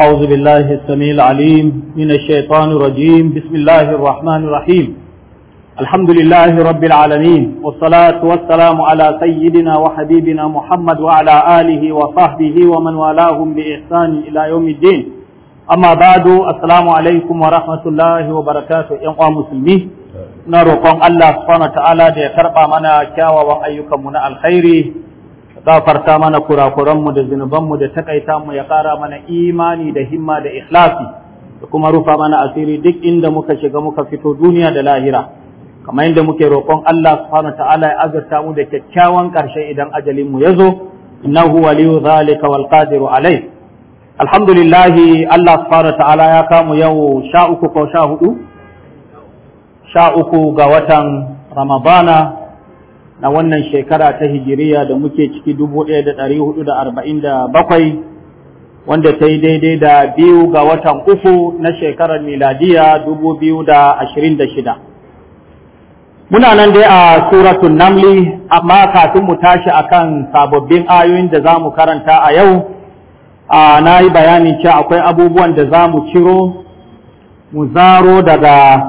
أعوذ بالله السميع العليم من الشيطان الرجيم بسم الله الرحمن الرحيم الحمد لله رب العالمين والصلاة والسلام على سيدنا وحبيبنا محمد وعلى آله وصحبه ومن والاهم بإحسان إلى يوم الدين أما بعد السلام عليكم ورحمة الله وبركاته يوم المسلمين نرقم الله سبحانه وتعالى دي منا وأيكم من الخير gafarta mana kurakuranmu da mu da takaita mu ya ƙara mana imani da himma da ikhlasi da kuma rufa mana asiri duk inda muka shiga muka fito duniya da lahira kamar inda muke roƙon Allah subhanahu ta'ala ya azurta mu da kyakkyawan ƙarshe idan ajalin mu yazo innahu waliyu zalika wal qadiru alai alhamdulillah Allah subhanahu ta'ala ya kamu yau sha ko sha uku ga watan ramadana na wannan shekara ta hijiriya da muke ciki 1447 wanda ta yi daidai da biyu ga watan uku na shekarar miladiya shida. muna nan dai a suratun namli amma kafin mu tashi a kan sababbin ayoyin da za mu karanta a yau na yi bayani cewa akwai abubuwan da za mu ciro mu zaro daga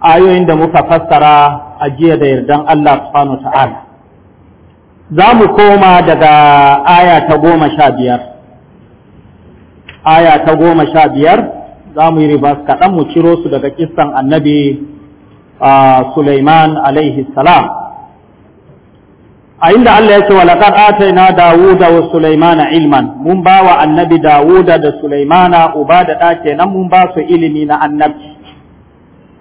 ayoyin da muka fassara a jiya da yardan Allah subhanahu ta'ala za mu koma daga aya ta goma sha biyar aya ta goma za mu yi ribas kaɗan mu ciro su daga kissan annabi Sulaiman alaihi salam a inda Allah ya ce wa laqad atayna Dawuda wa Sulaimana ilman mun ba wa annabi Dawuda da Sulaimana uba da ɗa kenan mun ba su ilimi na annabci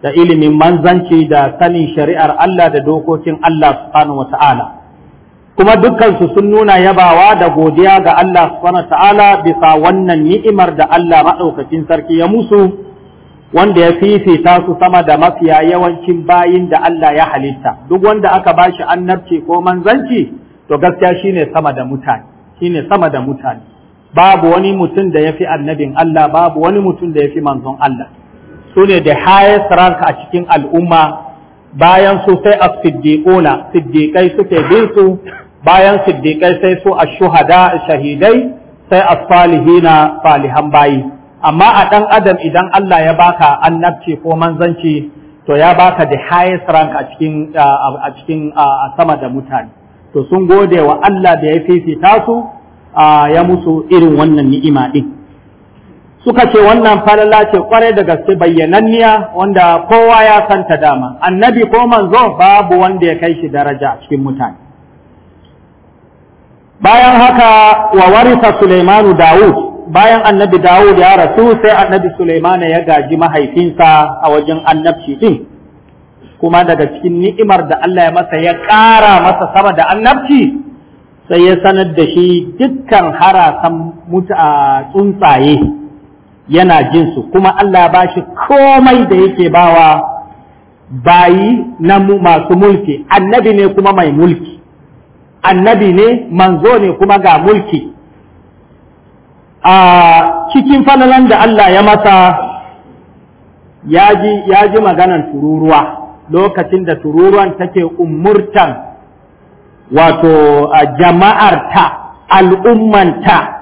da ilimin manzanci da sanin shari'ar Allah da dokokin Allah subhanahu wa ta'ala kuma dukkansu sun nuna yabawa da godiya ga Allah subhanahu wa ta'ala bisa wannan ni'imar da Allah maɗaukakin sarki ya musu wanda ya fifita su sama da mafiya yawancin bayin da Allah ya halitta duk wanda aka ba bashi annabci ko manzanci to gaskiya shine sama da mutane shine sama da mutane babu wani mutum da yafi annabin Allah babu wani mutum da yafi manzon Allah su ne da highest ranka a cikin al'umma bayan su sai a siddiƙuna siddiƙai suke bin su bayan siddiƙai sai su a shuhada shahidai sai a salihina salihan bayi amma a ɗan adam idan Allah ya baka annabci ko manzanci to ya baka da highest ranka a cikin cikin a sama da mutane to sun gode wa Allah da ya fifita su ya musu irin wannan ni'ima ɗin. suka ce wannan falala ce kwarai da gaske bayyananniya wanda kowa ya santa dama annabi ko manzo babu wanda ya kai shi daraja cikin mutane bayan haka wa warisa Sulaimanu Dawud bayan annabi Dawud ya rasu sai annabi Sulaimanu ya gaji mahaifinsa a wajen annabci din kuma daga cikin ni'imar da Allah ya masa ya ƙara masa sama da annabci sai ya sanar da shi dukkan harasan a tsuntsaye yana jin su kuma Allah ba shi komai da yake bawa bayi na masu mulki annabi ne kuma mai mulki annabi ne manzo ne kuma ga mulki a cikin falalan da Allah ya masa ya ji maganan tururuwa lokacin da tururuwan take umurtan wato jama'arta al'ummanta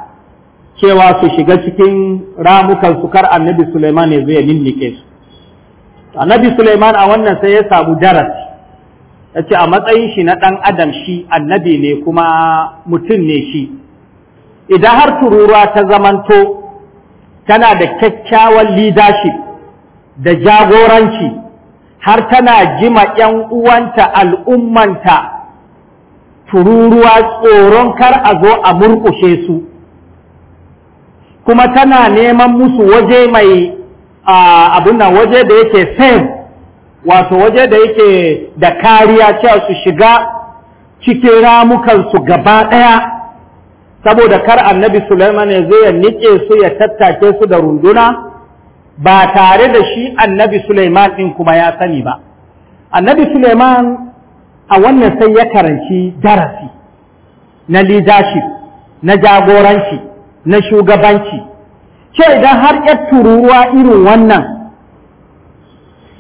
cewa su shiga cikin ramukan sukar kar annabi Suleiman ya zo ya ninnike su annabi Suleiman a wannan sai ya samu darasi ya ce a matsayin shi na ɗan adam shi annabi ne kuma mutum ne shi idan har tururuwa ta zamanto tana da kyakkyawan leadership da jagoranci har tana jima ‘yan uwanta al'ummanta tururuwa tsoron kar a zo a murƙushe su kuma tana neman musu waje mai abin nan waje da yake same wato waje da yake da kariya cewa su shiga cikin ramukansu gaba ɗaya saboda kar annabi Sulaiman ya zo ya nike su ya tattake su da runduna ba tare da shi annabi Sulaiman ɗin kuma ya sani ba. Annabi Sulaiman a wannan sai ya karanci darasi na leadership na jagoranci. na shugabanci ce idan har ‘yar tururuwa irin wannan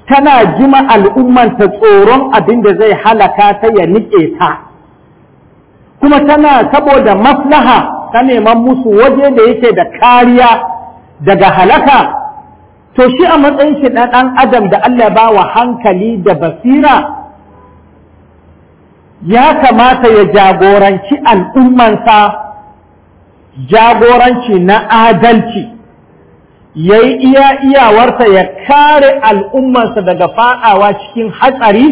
tana jima al'ummanta tsoron abin da zai halaka ta ya niƙe ta kuma tana saboda maslaha ta neman musu waje da yake da kariya daga halaka to shi a matsayin shi na ɗan adam da Allah ba wa hankali da basira ya kamata ya jagoranci al'ummansa jagoranci na adalci ya yi iya iyawarsa ya kare al'ummarsa daga faɗawa cikin hatsari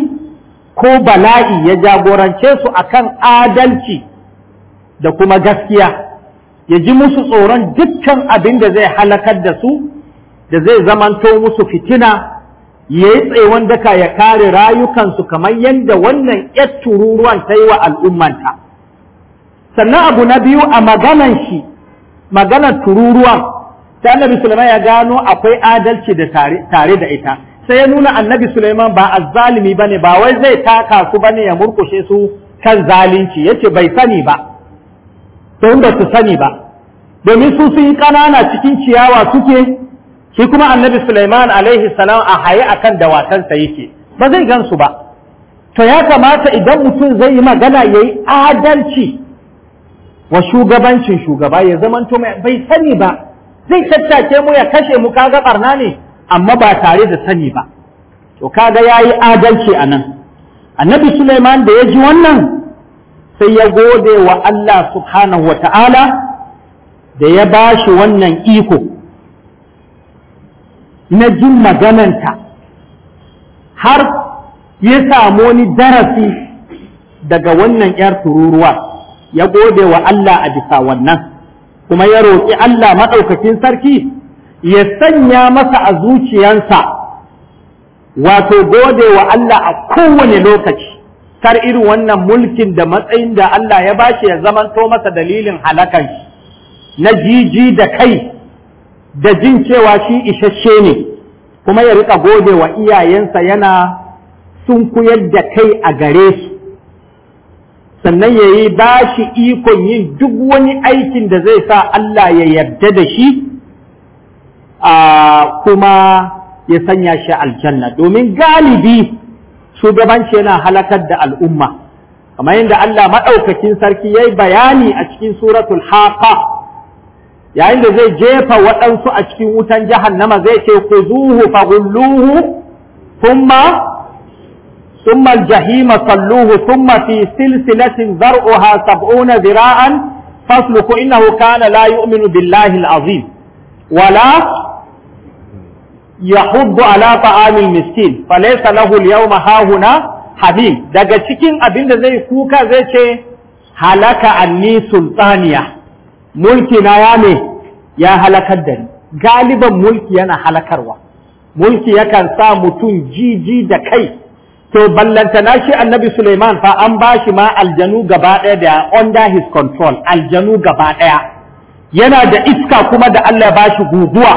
ko bala'i ya jagorance su akan adalci da kuma gaskiya ya ji musu tsoron dukkan abin da zai halakar da su da zai zamanto musu fitina ya yi daka ya kare rayukansu kamar yadda wannan 'yar tururuwan ta yi wa al'ummanta. sannan abu na biyu a maganan shi maganar tururuwa ta annabi Sulaiman ya gano akwai adalci da tare da ita sai ya nuna annabi Sulaiman ba a zalimi ba ne ba wai zai taka su ba ne ya murkushe su kan zalunci ce bai sani ba don ba su sani ba domin su sun yi ƙanana cikin ciyawa suke shi kuma annabi Sulaiman alaihi salam a haye akan dawakansa yake ba zai gansu ba to ya kamata idan mutum zai yi magana yayi adalci wa shugabancin shugaba ya zamanto mai bai sani ba zai tattake mu ya kashe mu kaga barna ne amma ba tare da sani ba to kaga yayi adalci anan annabi Suleiman da ya ji wannan sai ya gode wa Allah subhanahu wata'ala da ya ba shi wannan iko na jin magananta har ya samu wani darasi daga wannan 'yar tururuwa ya gode wa Allah a bisa wannan kuma ya roƙi Allah maɗaukakin sarki ya sanya masa a zuciyansa wato gode wa Allah a kowane lokaci kar irin wannan mulkin da matsayin da Allah ya ba shi ya zamanto masa dalilin halakar na jiji da kai da jin cewa shi isasshe ne kuma ya riƙa gode wa iyayensa yana sunkuyar da kai a gare su sannan ya yi ba shi ikon yin duk wani aikin da zai sa Allah ya yarda da shi a kuma ya sanya shi aljanna domin galibi shugabanci yana halakar da al'umma kamar yadda Allah maɗaukakin sarki ya yi bayani a cikin suratul haqa yayin da zai jefa waɗansu a cikin wutan jahannama zai ce ku zuhu fa gulluhu kuma ثم الجحيم صلوه ثم في سلسلة ذرعها سبعون ذراعا فاسلكوا إنه كان لا يؤمن بالله العظيم ولا يحب على طعام المسكين فليس له اليوم هاهنا حبيب دقا تشكين أبين زي كوكا زي شيء هلك عني سلطانية ملكي نيامي يا هلك الدني غالبا ملكي أنا هلك أروى ملكي يكن سامتون جي جي دكي to ballantana shi annabi Suleiman fa an ba shi ma aljanu gaba ɗaya da under his control aljanu gaba ɗaya yana da iska kuma da Allah ba shi guguwa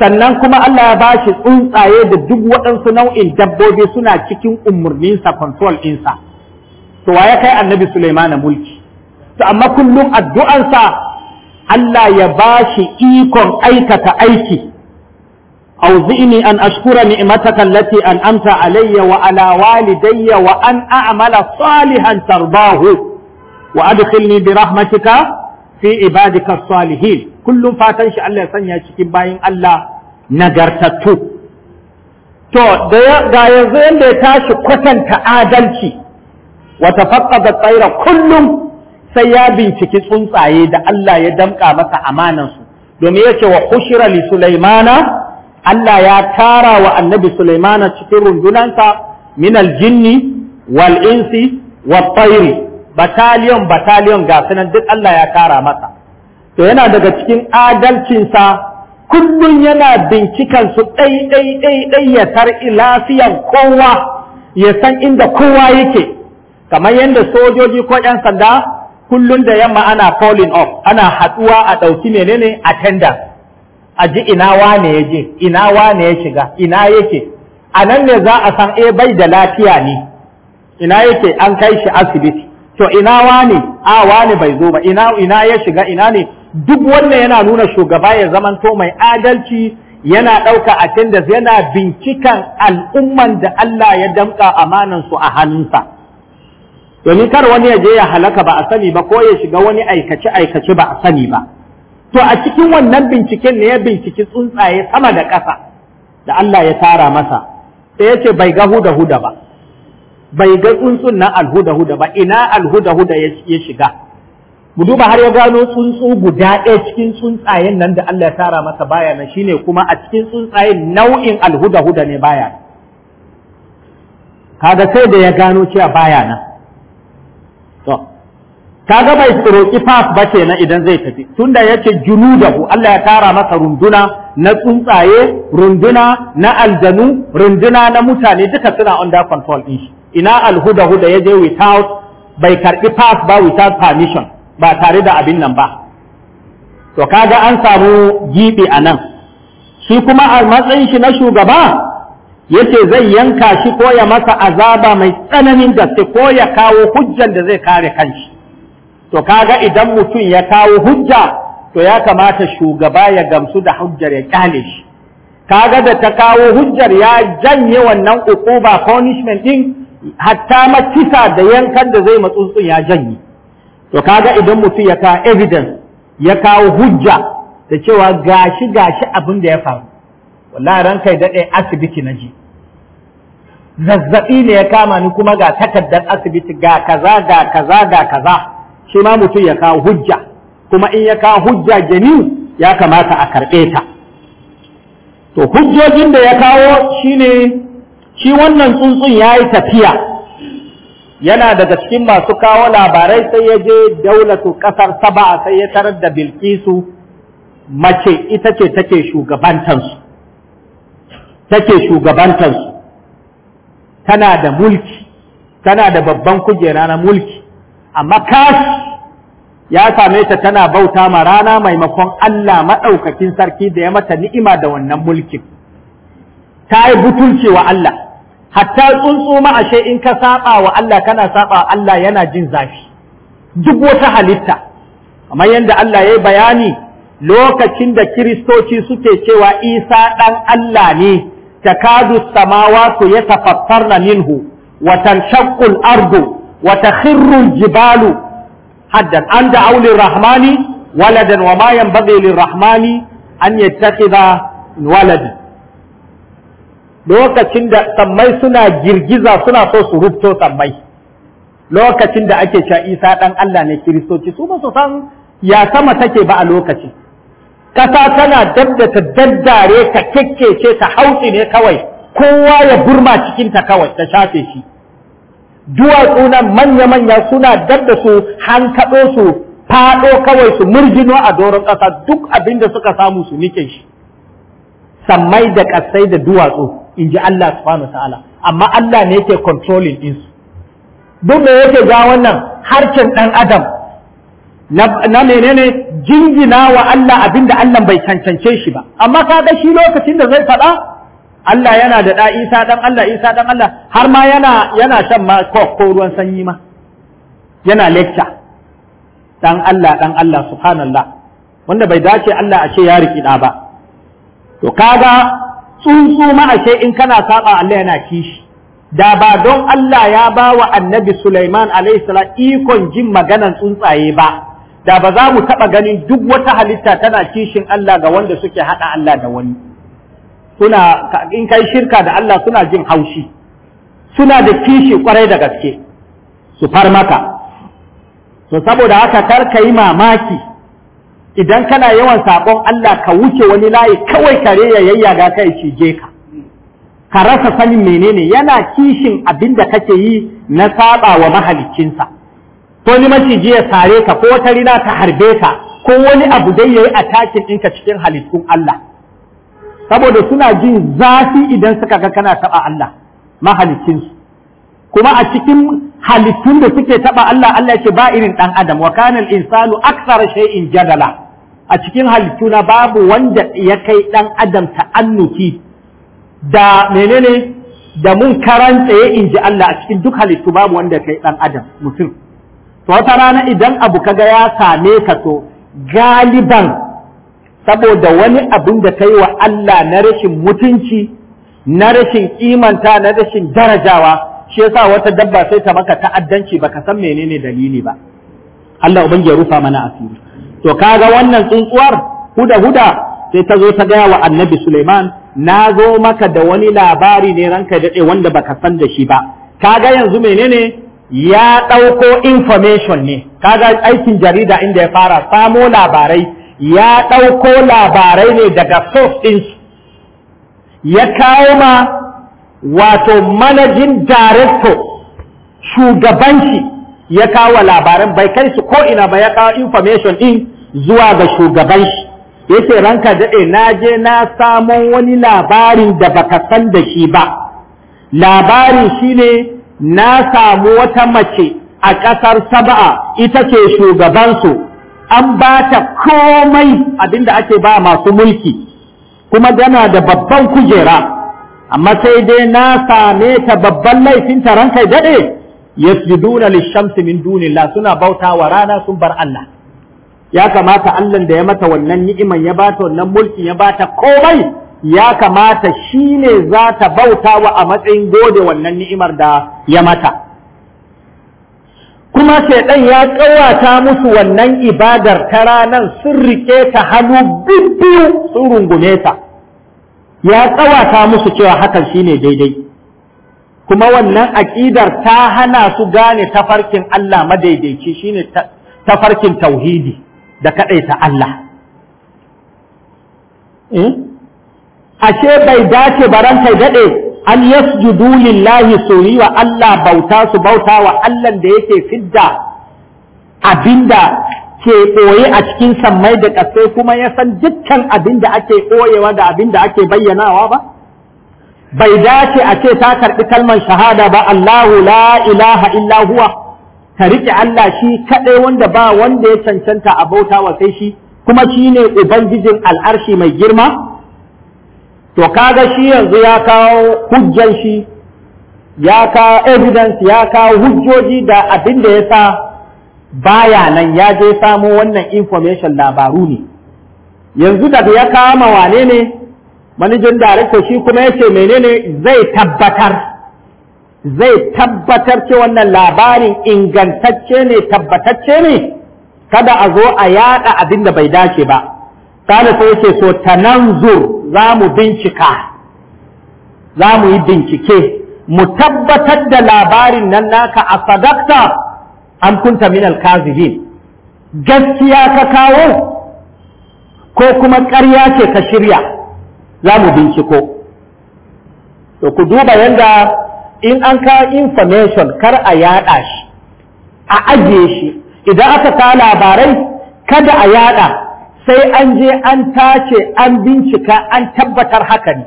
sannan kuma Allah ya ba shi tsuntsaye da duk waɗansu nau'in dabbobi suna cikin umarninsa control insa. to wa ya kai annabi Suleiman na mulki to amma kullum addu'ansa Allah ya ba shi ikon aikata aiki أوزئني أن أشكر نعمتك التي أنعمت علي وعلى والدي وأن أعمل صالحا ترضاه وأدخلني برحمتك في عبادك الصالحين كل فاتن شاء الله سنيا شكي باين الله نجرتتو تو دا يزين دي تاشو كتن تعادلشي وتفقد الطير كل سيابين شكي سنسا دا الله يدمك مسا أمانا دومي يشي وحشر لسليمانا Allah ya tara wa annabi Sulaimana cikin rundunansa Minal Jinni wal insi wat tayri bataliyon bataliyon ga sunan duk Allah ya tara masa to yana daga cikin adalcinsa kullum yana bincikan su ɗai ɗai ɗai ɗai ya tar'i kowa ya san inda kowa yake kamar yadda sojoji ko ‘yan sanda kullum da yamma ana calling off ana haɗuwa a ɗauki menene attendance a ji ina wane ya je ina wane ya shiga ina yake a nan ne za a san e bai da lafiya ne ina yake an kai shi asibiti to ina wane a wane bai zo ba ina ina ya shiga ina ne duk wannan yana nuna shugaba ya zamanto mai adalci yana ɗauka a attendance yana bincikan al'umman da Allah ya damƙa amanansu a hannunsa domin kar wani ya je ya halaka ba a sani ba ko ya shiga wani aikace aikace ba a sani ba to a cikin wannan binciken ne ya binciki tsuntsaye sama da ƙasa da Allah ya tara masa sai ya bai ga huda huda ba bai ga tsuntsun na alhuda huda ba ina alhuda huda ya shiga mu duba har ya gano tsuntsu guda ɗaya cikin tsuntsayen nan da Allah ya tara masa baya nan shine kuma a cikin tsuntsayen nau'in alhuda huda ne baya kaga sai da ya gano cewa baya nan kaga bai roƙi fas ba kenan idan zai tafi tunda yace junudahu Allah ya tara masa runduna na tsuntsaye runduna na aljanu runduna na mutane duka suna under control din shi ina alhuda huda yaje without bai karbi pass ba without permission ba tare da abin nan ba to kaga an samu gibi anan shi kuma a matsayin shi na shugaba yace zai yanka shi ko ya masa azaba mai tsananin gaske ko ya kawo hujjan da zai kare kanshi to kaga idan mutum ya kawo hujja to ya kamata shugaba ya gamsu da hujjar ya kyale shi kaga da ta kawo hujjar ya janye wannan ukuba punishment din hatta makisa da yankan da zai matsuntsun ya janye to kaga idan mutum ya kawo evidence ya kawo hujja da cewa gashi gashi abin da ya faru wallahi ranka da dade asibiti na ji zazzabi ne ya kama ni kuma ga takardar asibiti ga kaza ga kaza ga kaza shi ma mutum ya kawo hujja kuma in ya kawo hujja gani, ya kamata a karɓe ta to hujjojin da ya kawo shine shi wannan tsuntsun ya yi tafiya yana daga cikin masu kawo labarai sai ya je daulatu ƙasar saba sai ya tarar da bilkisu mace ita ce take shugabantansu take shugabantansu tana da mulki tana da babban kujera na mulki amma kashi ya same ta tana bauta ma rana maimakon Allah maɗaukakin sarki da ya mata ni'ima da wannan mulkin ta yi butulce wa Allah hatta tsuntsu ma'ashe in ka saba wa Allah kana saba Allah yana jin zafi duk wata halitta kamar yadda Allah ya yi bayani lokacin da kiristoci suke cewa Isa ɗan Allah ne takadu samawatu yatafakkarna minhu wa tanshaqqu al-ardu wa jibalu haddan an da aulin rahmani waladan wa ma yanbaghi lirrahmani an waladi lokacin da sammai suna girgiza suna so su rufto sammai lokacin da ake cewa Isa dan Allah ne kiristoci su ba su san ya sama take ba a lokaci kasa tana dabda ta daddare ta kekkece ta hautsi ne kawai kowa ya burma cikin ta kawai ta shafe shi duwatsu nan manya-manya suna dadda su hankaɗo su faɗo kawai su murgino a doron ƙasa duk abinda suka samu su nike shi sammai da ƙasai da duwatsu in ji Allah su subhanahu ta'ala amma Allah ne yake controlling din su duk da yake ga wannan harcin ɗan adam na menene jingina wa Allah abin da Allah bai cancance shi ba amma ka ga shi lokacin da zai faɗa Allah yana da ɗa Isa ɗan Allah Isa ɗan Allah har ma yana yana shan ma ko ruwan sanyi ma yana lecture ɗan Allah ɗan Allah subhanallah wanda bai dace Allah a ce ya riki ɗa ba to kaga tsuntsu ma a ce in kana saba Allah yana kishi da ba don Allah ya ba wa annabi Sulaiman alaihissalam ikon jin maganan tsuntsaye ba, da ba za mu taɓa ganin duk wata halitta tana kishin Allah ga wanda suke haɗa Allah da wani. suna in kai shirka da Allah suna jin haushi suna da kishi kwarai da gaske su far maka to saboda haka kar ka yi mamaki idan kana yawan saƙon Allah ka wuce wani layi kawai kare ya yayyaga kai cije ka ka rasa sanin menene yana kishin abinda da kake yi na saba wa mahalicinsa ko ni maciji ya sare ka ko wata rina ta harbe ka ko wani abu dai yayi attacking ɗinka cikin halittun Allah saboda suna jin zafi idan suka ga kana taba Allah mahalicinsu kuma a cikin halittun da suke taba Allah Allah ce ba irin ɗan adam wa kana al insanu akthar shay'in jadala a cikin halittu na babu wanda ya kai dan adam ta'annuki da menene da mun karanta ya inji Allah a cikin duk halittu babu wanda kai ɗan adam mutum to wata rana idan abu kaga ya same ka to galiban saboda wani abin da ta yi wa Allah na rashin mutunci na rashin kimanta na rashin darajawa shi yasa wata dabba sai ta maka ta'addanci baka san menene dalili ba Allah ubangi ya rufa mana asiri to kaga wannan tsuntsuwar huda huda sai ta zo ta gaya wa annabi Suleiman na zo maka da wani labari ne ranka daɗe wanda baka san da shi ba kaga yanzu menene ya ɗauko information ne kaga aikin jarida inda ya fara samo labarai ya ɗauko labarai ne daga source ɗinsu ya kawo ma wato manajin director shugabanci ya kawo labaran bai kai su ko ba ya kawo information ɗin zuwa ga shugabanci yace ranka daɗe na je na samo wani labarin da baka san da shi ba labarin shine na samu wata mace a ƙasar saba'a ita ce shugabansu an ba ta komai abinda ake ba masu mulki kuma tana da babban kujera amma sai dai na same ta babban laifin ta kai daɗe yasjuduna lishamsi min dunillah suna bauta wa rana sun bar Allah ya kamata Allah da ya mata wannan ni'iman ya bata wannan mulki ya bata komai ya kamata shine za ta bauta wa a matsayin gode wannan ni'imar da ya mata kuma shaidan ya kawata musu wannan ibadar ta ranar sun rike ta hannu bibbiyu sun rungume ta ya kawata musu cewa hakan shine daidai kuma wannan aƙidar ta hana su gane tafarkin Allah madaidaici shine tafarkin tauhidi da kaɗaita Allah eh? ashe bai dace barantai daɗe an yasjudu lillahi soyiwa wa Allah bauta su bauta wa Allah da yake fidda abinda ke ɓoye a cikin sammai da ƙasa kuma ya san dukkan abin da ake ɓoyewa da abin da ake bayyanawa ba bai dace a ce ta karɓi kalmar shahada ba Allahu la ilaha illa huwa ta riƙe Allah shi kaɗai wanda ba wanda ya cancanta a bauta wa sai shi kuma shi ne ubangijin al'arshi mai girma to kaga shi yanzu ya kawo hujjan shi ya kawo evidence ya kawo hujjoji da abin da ya sa baya nan ya je samo wannan information labaru ne yanzu daga ya kama wane ne manajin director shi kuma ya ce menene zai tabbatar zai tabbatar ce wannan labarin ingantacce ne tabbatacce ne kada a zo a yada abin da bai dace ba salisu ya ce so tananzur za mu bincika za mu yi bincike mu tabbatar da labarin nan naka a sadakta an kunta min alkazihin gaskiya ka kawo ko kuma ƙarya ce ka shirya za mu binciko to ku duba yadda in an ka information kar a yaɗa shi a ajiye shi idan aka ka labarai kada a yaɗa sai an je an tace an bincika an tabbatar haka ne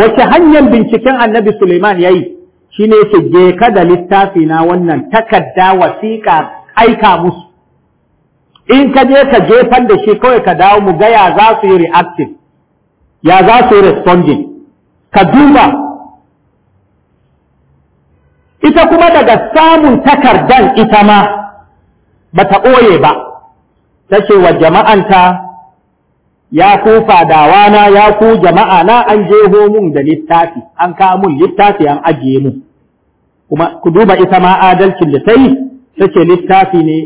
wace hanyar binciken annabi Suleiman ya yi shi ne yake je ka da littafi na wannan takarda wasiƙa aika musu in ka je ka jefan da shi kawai ka dawo mu ga ya za su yi reactive, ya za su yi responding ka duba ita kuma daga samun takardan ita ma ba ta ɓoye ba tace wa jama'anta ya ku fadawa na ya ku jama'a na an jeho mun da littafi an kawo mun littafi an ajiye mu kuma ku duba ita ma adalcin da ta yi tace littafi ne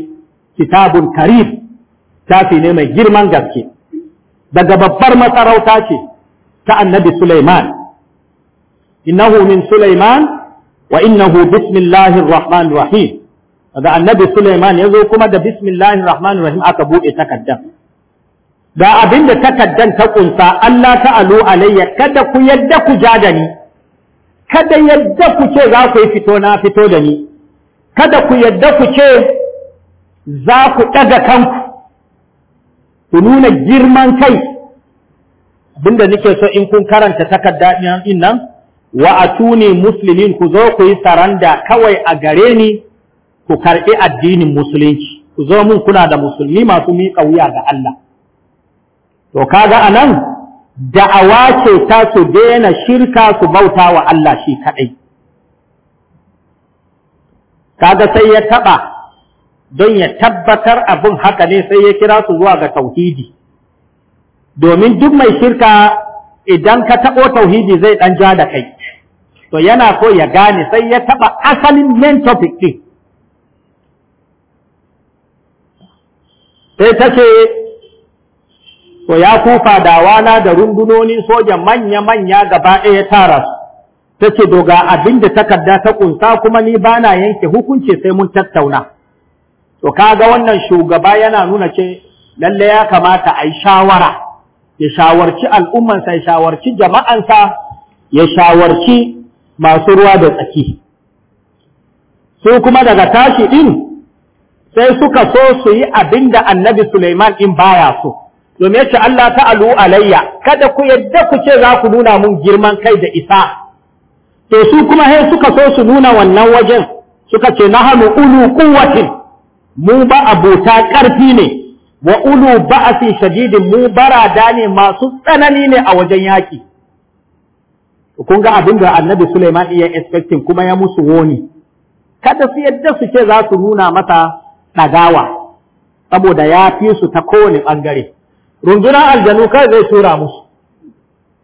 kitabun karib littafi ne mai girman gaske daga babbar masarauta ce ta annabi Sulaiman innahu min Sulaiman wa innahu bismillahir rahmanir rahim da annabi Suleiman ya zo kuma da bismillahir rahmanir rahim aka buɗe takaddan ga abinda da takaddan ta kunsa Allah ta'alu alayya kada ku yadda ku ja da ni kada yadda ku ce za ku yi fito na fito da ni kada ku yadda ku ce za ku ɗaga kanku ku nuna girman kai abinda nake so in kun karanta takarda din nan wa atuni muslimin ku zo ku yi saranda kawai a gare ni ku karɓi addinin musulunci ku zo mun kuna da musulmi masu miƙa wuya ga Allah to kaga anan da'awa ce ta su daina shirka su bauta wa Allah shi kaɗai kaga sai ya taɓa don ya tabbatar abin haka ne sai ya kira su zuwa ga tauhidi domin duk mai shirka idan ka taɓo tauhidi zai ɗan ja da kai to yana so ya gane sai ya taɓa asalin main topic ɗin sai ta ce to ya kufa dawana da rundunonin soja manya-manya gaba ɗaya tara su. ta ce doga abin da takarda ta ƙunsa kuma ni bana yanke hukunci sai mun tattauna to ga wannan shugaba yana nuna ce lalle ya kamata a yi shawara ya shawarci al'ummansa ya shawarci jama'ansa ya shawarci masu ruwa da tsaki su kuma daga tashi ɗin sai suka so su yi abin da annabi Suleiman in baya so. Domin ce, Allah ta alu alayya, kada ku yadda ku ce za ku nuna mun girman kai da isa. To su kuma sai suka so su nuna wannan wajen suka ce na hannu ulu kuwatin mu ba abota ƙarfi ne wa ulu ba a fi shadidin mu barada ne masu tsanani ne a wajen yaƙi. Kun ga abin da annabi Suleiman iya expecting kuma ya musu woni. Kada su yadda su ce za su nuna mata ɗagawa saboda ya fi su ta kowane ɓangare rundunar aljanu kawai zai tura musu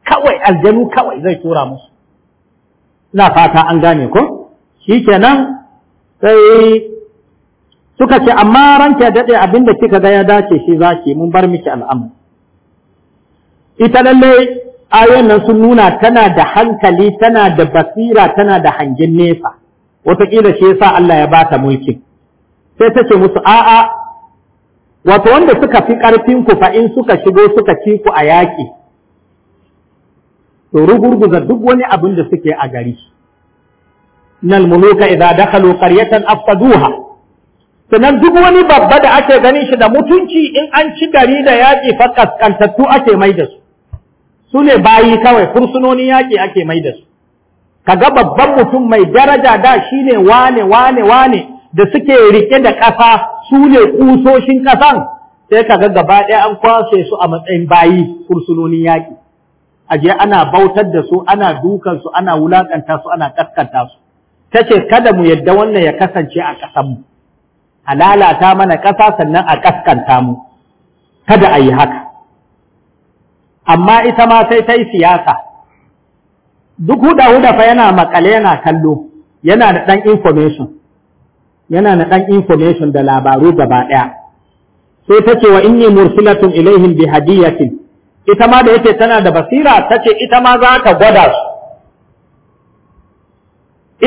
kawai aljanu kawai zai tura musu ina fata an gane ko nan sai suka ce amma ranke daɗe abinda kika ga ya dace shi zaki mun bar miki al'amma. ita lalle ayoyin nan sun nuna tana da hankali tana da basira tana da hangen nesa wataƙila shi yasa Allah ya ba ta mulkin sai ta ce musu a'a wato wanda suka fi ƙarfinku ku fa in suka shigo suka ci ku a yaƙi to rugurguza duk wani abin da suke a gari nan muluka idza dakhalu qaryatan afqaduha sannan duk wani babba da ake ganin shi da mutunci in an ci gari da yaƙi fa kaskantattu ake mai da su su ne bayi kawai fursunonin yaƙi ake mai da su kaga babban mutum mai daraja da shine wane wane wane da suke rike da ƙasa su ne ƙusoshin ƙasan sai ka ga gaba ɗaya an kwashe su a matsayin bayi kursunonin yaƙi a je ana bautar da su ana dukan ana wulaƙanta su ana ƙasƙanta su ta ce kada mu yadda wannan ya kasance a ƙasanmu a lalata mana ƙasa sannan a ƙasƙanta mu kada a yi haka amma ita ma sai ta yi siyasa duk huda-huda fa yana maƙale, yana kallo yana da ɗan information yana na ɗan information da labaru gaba ɗaya sai ta ce wa inni mursilatun ilaihim bi hadiyatin ita ma da yake tana da basira ta ce ita ma za ta gwada su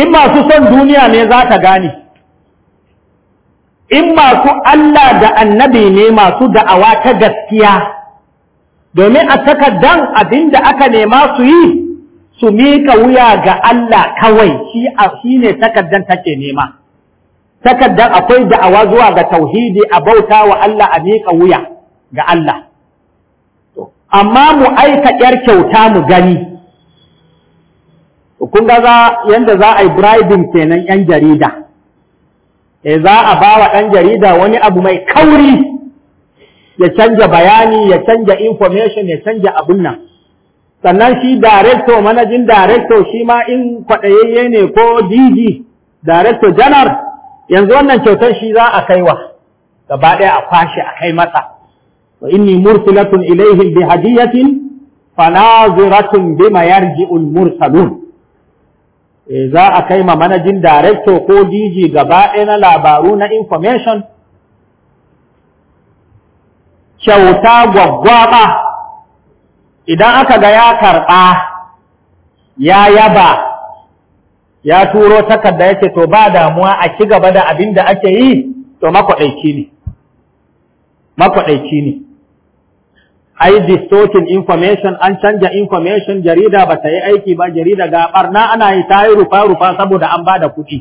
in masu son duniya ne za ta gane in masu Allah da annabi ne masu da'awa ta gaskiya domin a takardan abin da aka nema su yi su miƙa wuya ga Allah kawai shi ne takardan take nema. takardar akwai da'awa zuwa ga tauhidi a bauta wa Allah a miƙa wuya ga Allah amma mu aika ƴar kyauta mu gani kun ga yanda za a yi bribing kenan ƴan jarida e za a ba wa ɗan jarida wani abu mai kauri ya canja bayani ya canja information ya canja abun nan sannan shi director manajin director shi ma in kwaɗayayye ne ko DG director general yanzu wannan kyautar shi za a kaiwa gaba ɗaya a kwashe a kai masa wa inni mursilatun ilaihim bi hadiyatin fanaziratun bima yarji'ul mursalun e za a kai ma manajin director ko DG gaba ɗaya na labaru na information kyauta gwaggwaba idan aka ga ya karɓa ya yaba ya turo takarda yace to ba damuwa a ci gaba da abin da ake yi to makwadaici ne ne ai distorting information an canja information jarida ba ta yi aiki ba jarida ga barna ana yi ta yi rufa rufa saboda an bada kuɗi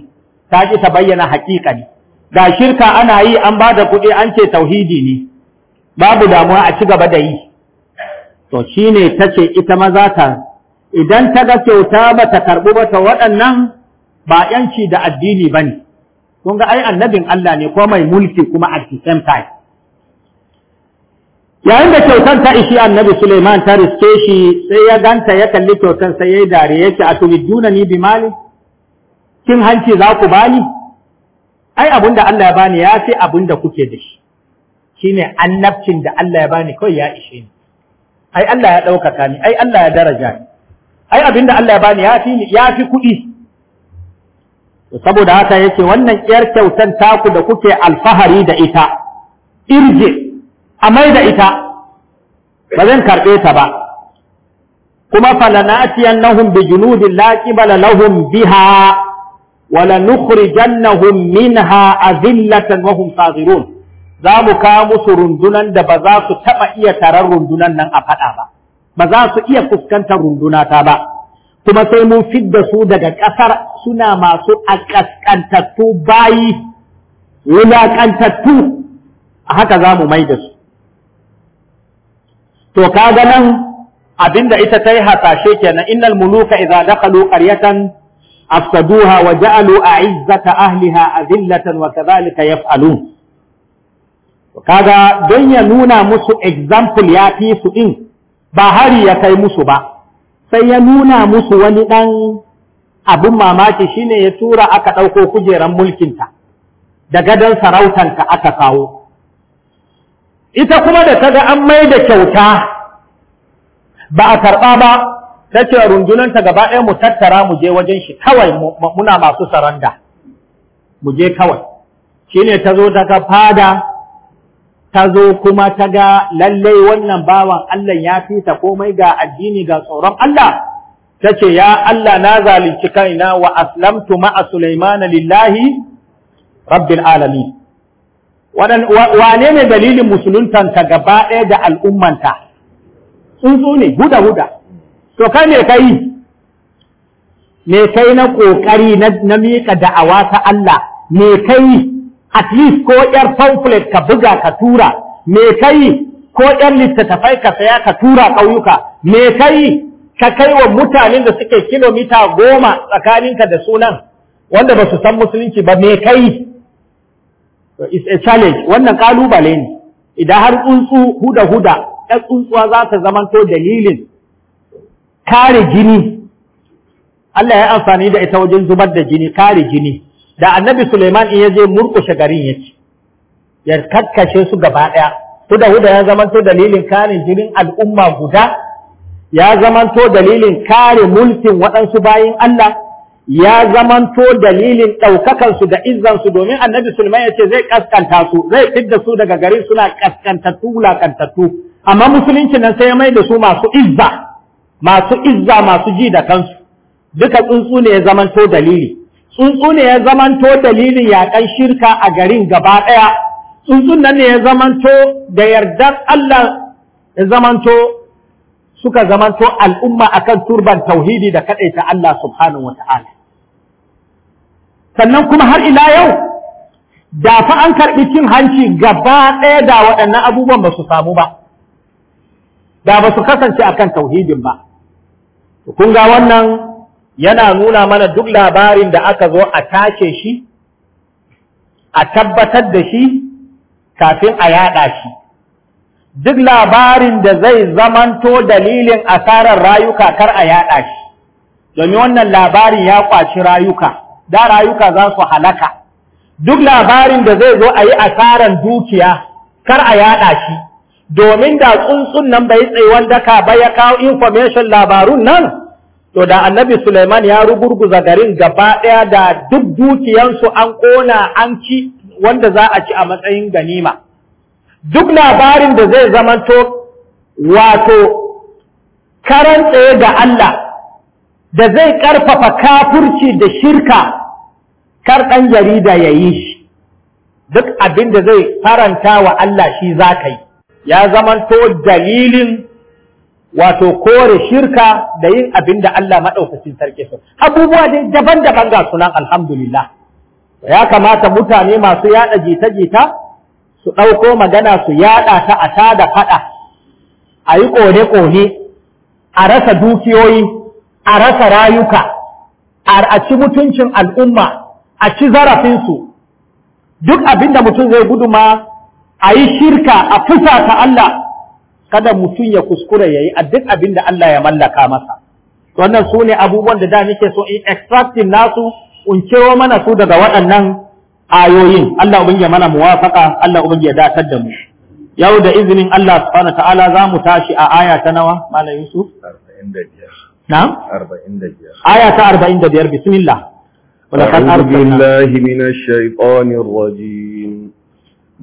ta ki ta bayyana ne ga shirka ana yi an bada kuɗi an ce tauhidi ne babu damuwa a ci gaba da yi to shine tace ita ma ta idan ta ga kyauta ba ta karɓi ba ta waɗannan ba ‘yanci da addini ba ne, kun ga ai annabin Allah ne ko mai mulki kuma at the same time. Yayin da kyautar ta ishi annabi Suleiman ta riske shi sai ya ganta ya kalli kyautar sai ya yi dare yake a duna ni bi mali, kin hanci za ku bani? Ai abin da Allah ya bani ya fi abin da kuke da shi, shi ne annabcin da Allah ya bani kawai ya ishe ni. Ai Allah ya ɗaukaka ni, ai Allah ya daraja ni. ai abin da Allah ya bani ya fi ya fi kuɗi saboda haka yake wannan ƙyar kyautan taku da kuke alfahari da ita irje a mai da ita ba zan karɓe ta ba kuma falanatiyannahum bi junudin la qibala lahum biha wala nukhrijannahum minha azillatan wa hum saghirun za mu kawo musu rundunan da ba za su taɓa iya tarar rundunan nan a faɗa ba ba za su iya fuskantar runduna ta ba kuma sai mun fidda su daga ƙasar suna masu akaskantattu bayi wulaƙantattu a haka za mu mai da su to kaga nan abinda ita ta yi hasashe kenan innal muluka idza dakhalu qaryatan afsaduha wa ja'alu a'izzata ahliha azillatan wa kadhalika yaf'alun kaga don ya nuna musu example ya fi su din ba hari ya kai musu ba sai ya nuna musu wani ɗan abin mamaki shine ya tura aka ɗauko kujeran mulkinta da gadon sarautanka aka kawo ita kuma da ta ga an mai da kyauta ba a karɓa ba ta ce rundunanta gaba ɗaya mu tattara mu je wajen shi kawai muna masu saranda mu je kawai shine ta zo daga fada ta zo kuma ta ga lallai wannan bawan Allah ya fi ta komai ga addini ga tsoron Allah ta ce ya Allah na zalunci kaina wa aslamtu ma'a Sulaiman lillahi rabbil Alami. wane ne dalilin musuluntanta gaba ɗaya da al'ummanta tsuntsu ne huda huda to kai me kai me kai na kokari na miƙa da'awa ta Allah me kai at least ko yar pamphlet ka buga ka tura me kai ko yar littattafai ka saya ka tura ƙauyuka me kai ka kai wa mutanen da suke kilomita goma tsakaninka da sunan wanda ba su san musulunci ba me kai is a challenge wannan kalubale ne idan har tsuntsu huda huda ɗan tsuntsuwa za ta zamanto dalilin kare jini Allah ya amfani da ita wajen zubar da jini kare jini da annabi Suleiman in ya je murkushe garin ya ci ya kakkashe su gaba ɗaya huda huda ya zamanto dalilin kare jirin al'umma guda ya zamanto dalilin kare mulkin waɗansu bayin Allah ya zamanto dalilin ɗaukakansu da su domin annabi Suleiman ya ce zai kaskanta su zai fidda su daga garin suna kaskantattu wulakantattu amma musulunci nan sai ya mai da su masu izza masu izza masu ji da kansu duka tsuntsu ne ya zamanto dalili tsuntsu ne ya zamanto dalilin yaƙan shirka a garin gaba ɗaya tsuntsun nan ne ya zamanto da yardar Allah ya zamanto suka zamanto al'umma akan turban tauhidi da ta Allah subhanahu wata'ala sannan kuma har ila yau da fa an karɓi cin hanci gaba ɗaya da waɗannan abubuwan ba su samu ba da ba su kasance akan tauhidin ba kun ga wannan yana nuna mana duk labarin da aka zo a tace shi a tabbatar da shi kafin a yaɗa shi duk labarin da zai zamanto dalilin asarar rayuka kar a yaɗa shi domin wannan labarin ya kwaci rayuka da rayuka za su halaka duk labarin da zai zo a yi asarar dukiya kar a yaɗa shi domin da tsuntsun nan bai tsaye wanda ka ba ya kawo information labarun nan to da annabi Suleiman ya rugurguza garin gaba ɗaya da duk dukiyansu an ƙona an ci wanda za a ci a matsayin ganima. Duk labarin da zai zamanto wato karan tsaye da Allah da zai ƙarfafa kafurci da shirka kar ɗan jarida ya yi shi. Duk abin da zai faranta wa Allah shi za ka yi, ya zamanto dalilin wato kore shirka da yin abin da Allah maɗaukacin sarki su abubuwa dai daban-daban ga sunan alhamdulillah ya kamata mutane masu yaɗa jita-jita su ɗauko magana su yaɗa ta a da faɗa a yi ƙone-ƙone a rasa dukiyoyi a rasa rayuka a ci mutuncin al'umma a ci zarafinsu duk abin da mutum zai guduma a yi shirka a fusata Allah kada mutum ya kuskura yi a duk abin da Allah ya mallaka masa wannan su ne abubuwan da da nake so in extracting nasu uncewa mana su daga waɗannan ayoyin Allah ubangiji mana muwafaka Allah ubangiji ya datar da mu yau da izinin Allah subhanahu ta'ala za mu tashi a aya ta nawa malam Yusuf 45 na 45 aya ta 45 bismillah ولقد أعوذ بالله من الشيطان الرجيم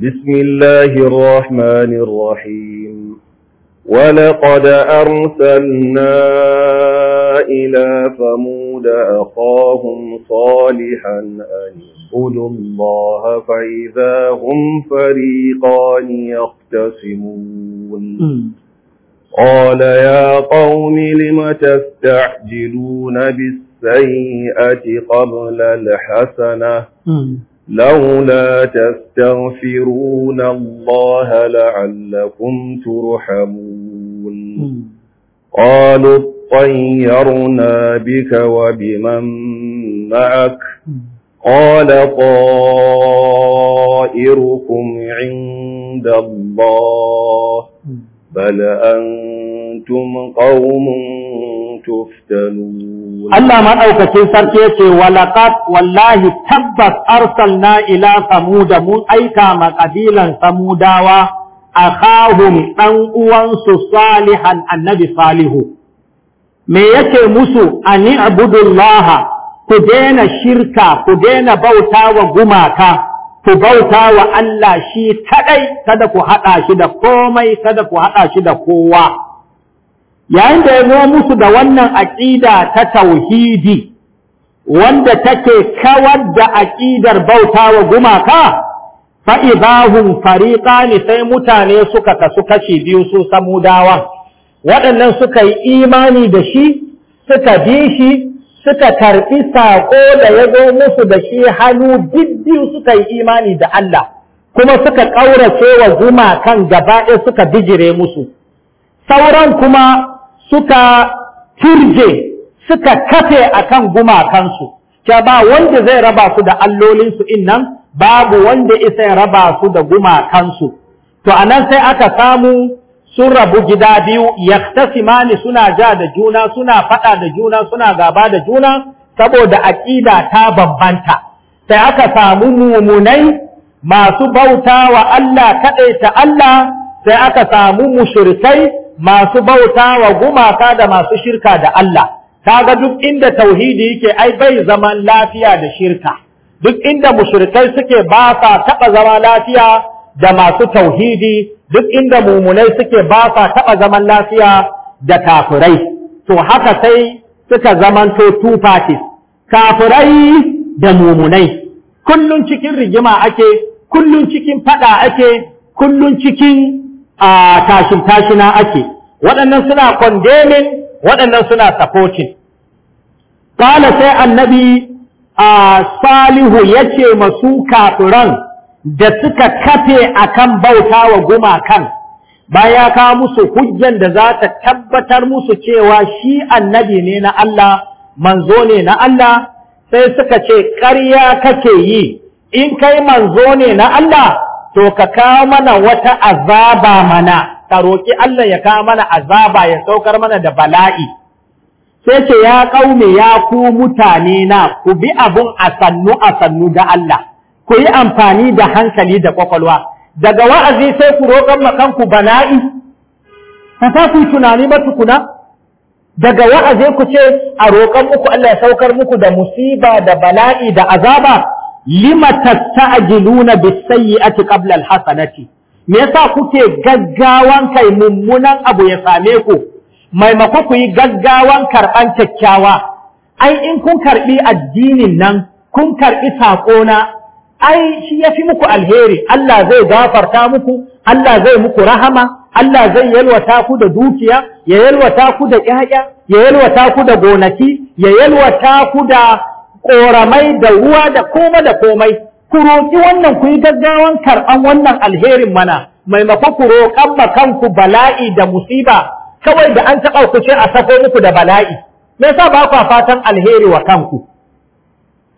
بسم الله الرحمن الرحيم ولقد أرسلنا إلى ثمود أخاهم صالحا أن اعبدوا الله فإذا هم فريقان يختصمون قال يا قوم لم تستعجلون بالسيئة قبل الحسنة لولا تستغفرون الله لعلكم ترحمون قالوا اطيرنا بك وبمن معك قال طائركم عند الله بل أنتم قوم تفتنون Allah ma maɗaukacin sarki ce walaƙat wallahi tabbas arsalna ila samuda mun aika ma ƙabilan samudawa a kahun ɗan uwansu salihan annabi salihu. Me yake musu a Abudullaha ku daina shirka ku daina bauta wa gumaka ku bauta wa Allah shi kaɗai kada ku haɗa shi da komai kada ku haɗa shi da kowa. yayin da ya zo musu da wannan aƙida ta tauhidi wanda take kawar da aƙidar bauta wa gumaka fa'ibahun fariƙa ne sai mutane suka kasu kashi biyu su samudawa waɗannan suka yi imani da shi suka bi shi suka karɓi saƙo da ya zo musu da shi hannu biyu suka yi imani da Allah kuma suka ƙaurace wa gumakan gaba ɗaya suka bijire musu sauran kuma suka turje suka kafe kan gumakansu cewa ba wanda zai raba su da allolinsu innan babu wanda isa ya raba su da gumakansu to anan sai aka samu sun rabu gida biyu yaktasimani suna ja da juna suna faɗa da juna suna gaba da juna saboda aqida ta bambanta sai aka samu mumunai masu bauta wa Allah kaɗai Allah sai aka samu mushrikai masu bauta wa gumaka da masu shirka da Allah kaga duk inda tauhidi yake ai bai zaman lafiya da shirka duk inda mushrikai suke ba sa taba zama lafiya da masu tauhidi duk inda mumunai suke ba sa taba zaman lafiya da kafirai to haka sai suka zamanto two parties kafirai da mumunai kullun cikin rigima ake kullun cikin faɗa ake kullun cikin a tashin tashina ake waɗannan suna condemning waɗannan suna supporting qala sai annabi a salihu ce masu kafiran da suka kafe a kan bauta bautawa gumakan baya ya kawo musu hujjan da za ta tabbatar musu cewa shi annabi ne na Allah manzo ne na Allah sai suka ce ƙarya kake yi in kai manzo ne na Allah to ka kawo mana wata azaba mana ka roƙi Allah ya kawo mana azaba ya saukar mana da bala'i sai ce ya ƙaume ya ku mutane na ku bi abun a sannu a sannu ga Allah ku yi amfani da hankali da kwakwalwa daga wa'azi sai ku roƙon makanku bala'i ka sa ku tunani ba tukuna daga wa'azi ku ce a roƙon muku Allah ya saukar muku da musiba da bala'i da azaba lima tattajiluna bis-sayyi'ati qabla al-hasanati me yasa kuke gaggawan kai mummunan abu ya same ku maimako ku yi gaggawan karban kyakkyawa ai in kun karbi addinin nan kun karbi sako na ai shi ya fi muku alheri Allah zai gafarta muku Allah zai muku rahama Allah zai yalwata ku da dukiya ya yalwata ku da 'ya'ya, ya yalwata ku da gonaki ya yalwata ku da ƙoramai da ruwa da koma da komai ku roƙi wannan ku yi gaggawan karɓan wannan alherin mana maimakon ku roƙan makanku bala'i da musiba kawai da an taɓa ku ce a sako muku da bala'i me yasa ba ku fatan alheri wa kanku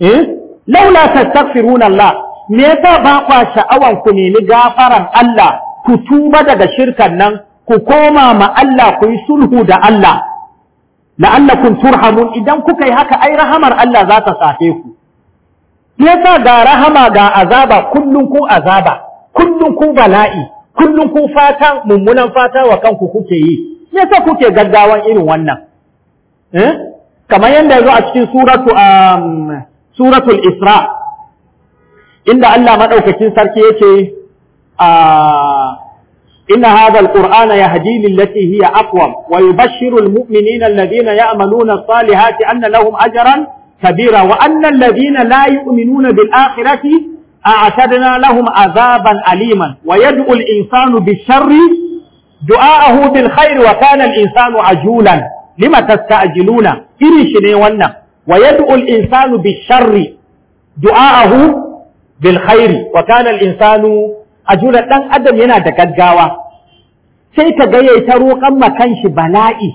eh laula tastaghfiruna Allah me yasa ba ku sha'awan ku nemi gafaran Allah ku tuba daga shirkan nan ku koma ma Allah ku yi sulhu da Allah la'allakum turhamun idan kuka yi haka ai rahamar Allah za ta safe ku yasa ga rahama ga azaba kullun ku azaba kullun ku bala'i kullun ku fata mummunan fata wa kanku kuke yi yasa kuke gaggawan irin wannan eh? Kamar kamar ya zo a cikin um, suratul isra inda Allah maɗaukacin sarki yake a uh, إن هذا القرآن يهدي للتي هي أقوم ويبشر المؤمنين الذين يأملون الصالحات أن لهم أجرا كبيرا وأن الذين لا يؤمنون بالآخرة أعتدنا لهم عذابا أليما ويدعو الإنسان بالشر دعاءه بالخير وكان الإنسان عجولا لما تستعجلون إريش ونا ويدعو الإنسان بالشر دعاءه بالخير وكان الإنسان a jura ɗan adam yana da gaggawa sai ka ga yayi ta roƙon ma kanshi bala'i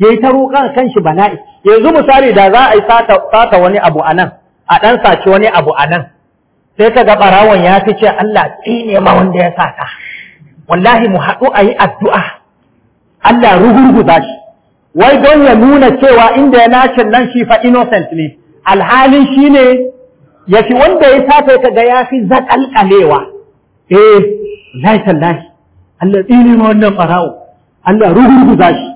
yayi ta roƙan kanshi bala'i yanzu misali da za a yi sata wani abu a nan a ɗan saci wani abu a nan sai ka ga ɓarawon ya fi ce Allah tsine ma wanda ya sata wallahi mu haɗu a yi addu'a Allah ruhurguza shi wai don ya nuna cewa inda ya nacin nan shi fa innocent ne alhalin shi ne ya fi wanda ya sata ka ga ya fi zaƙalƙalewa eh lai tallahi Allah tsine ma wannan farao Allah ruhu za shi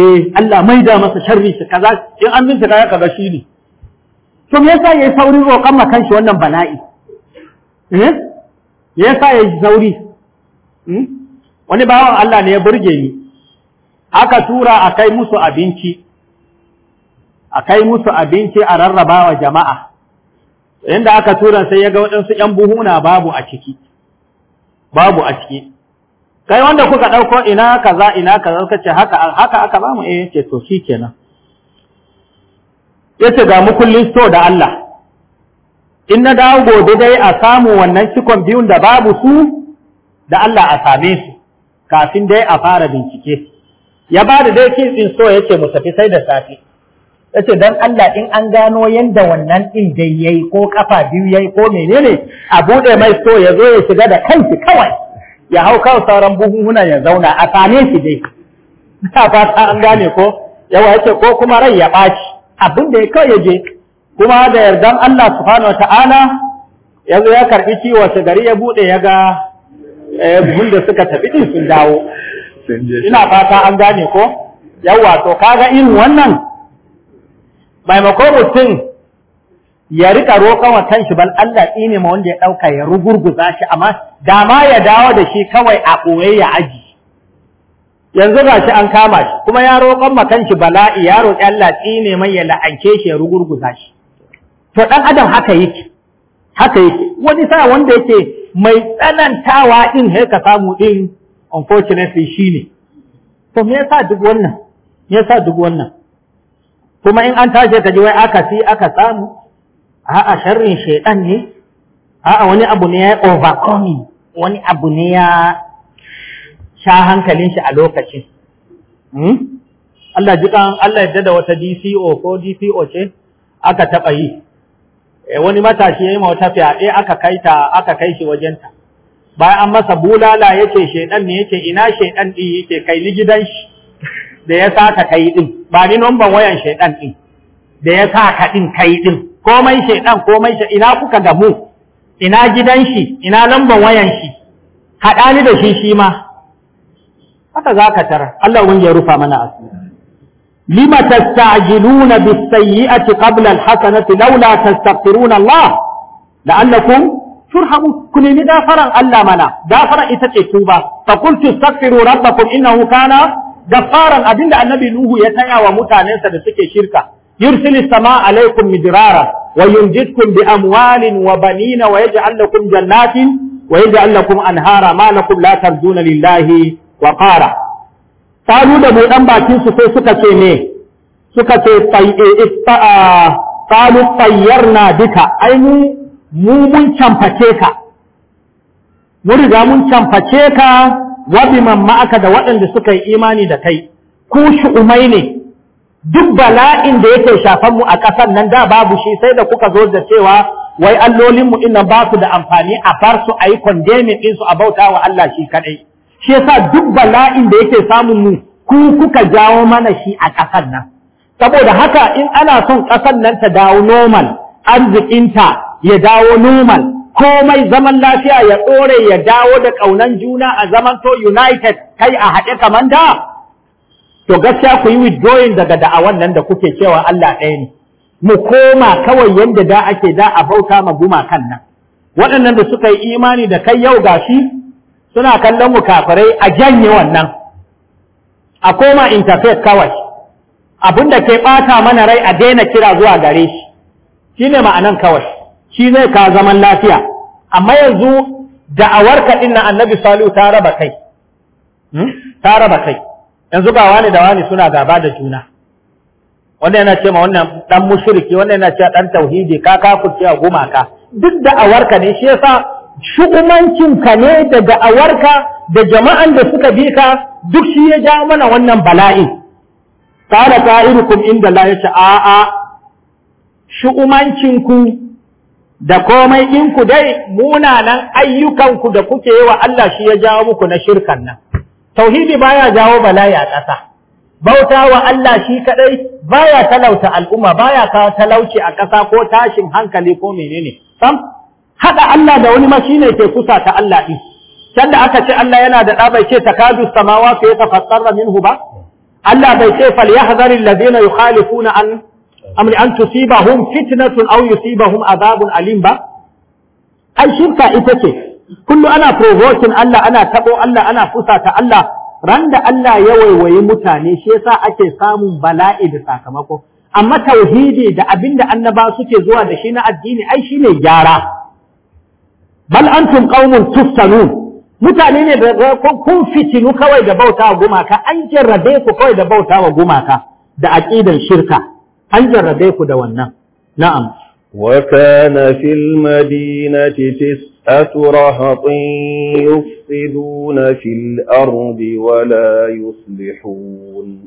eh Allah maida masa sharri shi kaza in an binta kaza kaza shi ne to me yasa yayi sauri roƙon ma kanshi wannan bala'i eh me yasa yayi sauri hmm? wani bawan Allah ne ya burge ni aka tura a kai musu abinci a kai musu abinci a rarraba wa jama'a inda aka tura sai ya ga waɗansu ‘yan buhuna babu a ciki babu a ciki kai wanda kuka ɗauko ina kaza ina kaza suka ce haka haka aka ba mu eh yace to shikenan yace ga mu mukullin so da Allah in na dawo gobe dai a samu wannan cikon biyun da babu su da Allah a same su kafin dai a fara bincike ya bada da dai kin so yace mu tafi sai da safe yace don Allah in an gano yadda wannan ɗin dai yi ko kafa biyu ya yi ko menene a bude mai so ya zo ya shiga da kanki kawai ya hau kawo sauran buhunhuna ya zauna a same shi dai ta fata an gane ko yawa ko kuma rai ya ɓaci abin da ya kawai ya je kuma da yardan Allah subhanahu wataala yanzu ya karɓi ciwo shi gari ya bude ya ga eh, suka tafi din dawo ina fata an gane ko yawa to kaga irin wannan maimakon mutum ya rika roƙon wa kanshi bal Allah ɗine ma wanda ya ɗauka ya rugurguza shi amma dama ya dawo da shi kawai a ɓoye ya aji yanzu ga shi an kama shi kuma ya roƙon ma kanshi bala'i ya roƙi Allah ɗine mai ya la'anke shi ya rugurguza shi to ɗan adam haka yake haka yake wani sa wanda yake mai tsanantawa ɗin sai ka samu ɗin unfortunately shine to me yasa duk wannan me yasa duk wannan kuma in an tashi ka ji wai aka si aka samu a'a sharrin shaidan ne a'a wani abu ne ya overcome wani abu ne ya sha hankalin shi a lokacin hmm? Allah ji kan Allah yadda da wata DCO ko DPO ce aka taɓa yi eh, wani matashi ya yi ma wata fyaɗe aka kai ta aka kai shi wajenta bayan an masa bulala yace shaidan ne yake ina shaidan din yake kai ni gidan shi da ya sa ka yi din ba ni numban wayan shaiɗan din da ya sa ka din kai din komai shaiɗan komai shaidan ina kuka gamu ina gidan shi ina lamban wayan shi haɗa ni da shi shi ma haka za ka tara Allah wani ya rufa mana asiri lima tasta'jiluna bis-sayyi'ati qabla al-hasanati laula tastaghfiruna Allah la'allakum turhamu ku da gafaran Allah mana da gafaran ita ce tuba fa qultu astaghfiru rabbakum innahu kana gafaran abinda annabi Nuhu ya taya wa mutanensa da suke shirka yursili sama alaikum midirara, wa yunjidkum bi amwalin wa banina wa yaji lakum jannatin wa yaji lakum anhara ma lakum la tarjuna lillahi wa qara Salu da buɗan bakin su sai suka ce ne suka ce qalu eh, eh, ah, tayyarna bika ai mu mun camface ka mun riga mun camface ka wa biman ma'aka da waɗanda suka yi imani da kai ku umai ne duk bala'in da yake shafan mu a ƙasar nan da babu shi sai da kuka zo da cewa wai allolin mu innan ba su da amfani a far su ayi condemning din su a bauta wa Allah shi kadai shi yasa duk bala'in da yake samun mu ku kuka jawo mana shi a ƙasar nan saboda haka in ana son ƙasar nan ta dawo normal arzikinta ya dawo normal komai zaman lafiya ya ɗore ya dawo da ƙaunan juna a zaman to united kai a haɗe kamar da to gaskiya ku yi withdrawing daga da'awan nan da kuke cewa Allah ɗaya ne mu koma kawai yadda da ake da a bauta ma gumakan nan waɗannan da suka yi imani da kai yau gashi suna kallon mu kafirai a janye wannan a koma interfaith kawai abin da ke ɓata mana rai a daina kira zuwa gare shi shine ma'anan kawai shi zai ka zaman lafiya amma yanzu da'awarka din na annabi salihu ta raba kai hmm? ta raba kai yanzu ga wani da wani suna gaba da juna wannan yana ce ma wannan dan mushriki wannan yana ce dan tauhidi ka ce a gumaka duk da'awarka ne shi yasa shugabancin ka ne da da'awarka da jama'an da suka bi ka duk shi ya ja mana wannan bala'i qala qa'irukum inda la yace a a'a shugabancin ku da komai in ku dai munanan ayyukanku da kuke yi wa Allah shi ya jawo muku na shirkan nan. Tauhidi baya jawo bala'i a ƙasa, bauta wa Allah shi kaɗai baya talauta al'umma baya talauci a ƙasa ko tashin hankali ko menene. Sam, haɗa Allah da wani mashi ne ke kusa ta Allah ɗin. Can da aka ce Allah yana da ɗa bai ce takadu samawa su ya tafassarra minhu ba? Allah bai ce fal yahzaril ladina yukhalifuna an am li an tusibahum fitnatun aw yusibahum adabun alim ba ai shirka ita ce kullu ana provoking Allah ana tabo Allah ana fusata Allah randa Allah ya waiwayi mutane shi yasa ake samun bala'i da sakamako amma tauhidi da abinda annaba suke zuwa da shi na addini ai shine gyara bal antum qaumun tuftanun mutane ne da kun fitinu kawai da bauta wa gumaka an jarrabe ku kawai da bauta wa gumaka da aqidan shirka an jarrabe ku da wannan na'am wa kana fil madinati tis'atu rahatin yufsiduna fil ardi wa la yuslihun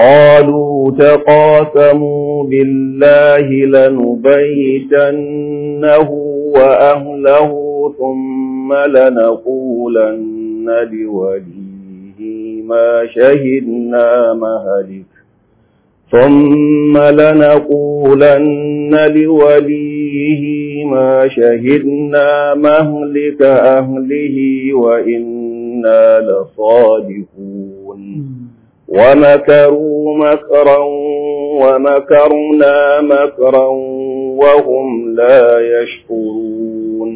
قالوا تقاسموا بالله لنبيتنه وأهله ثم لنقولن لوليه ما شهدنا مهلك ثم لنقولن لوليه ما شهدنا مهلك أهله وإنا لصادقون ومكروا مكرا ومكرنا مكرا وهم لا يشكرون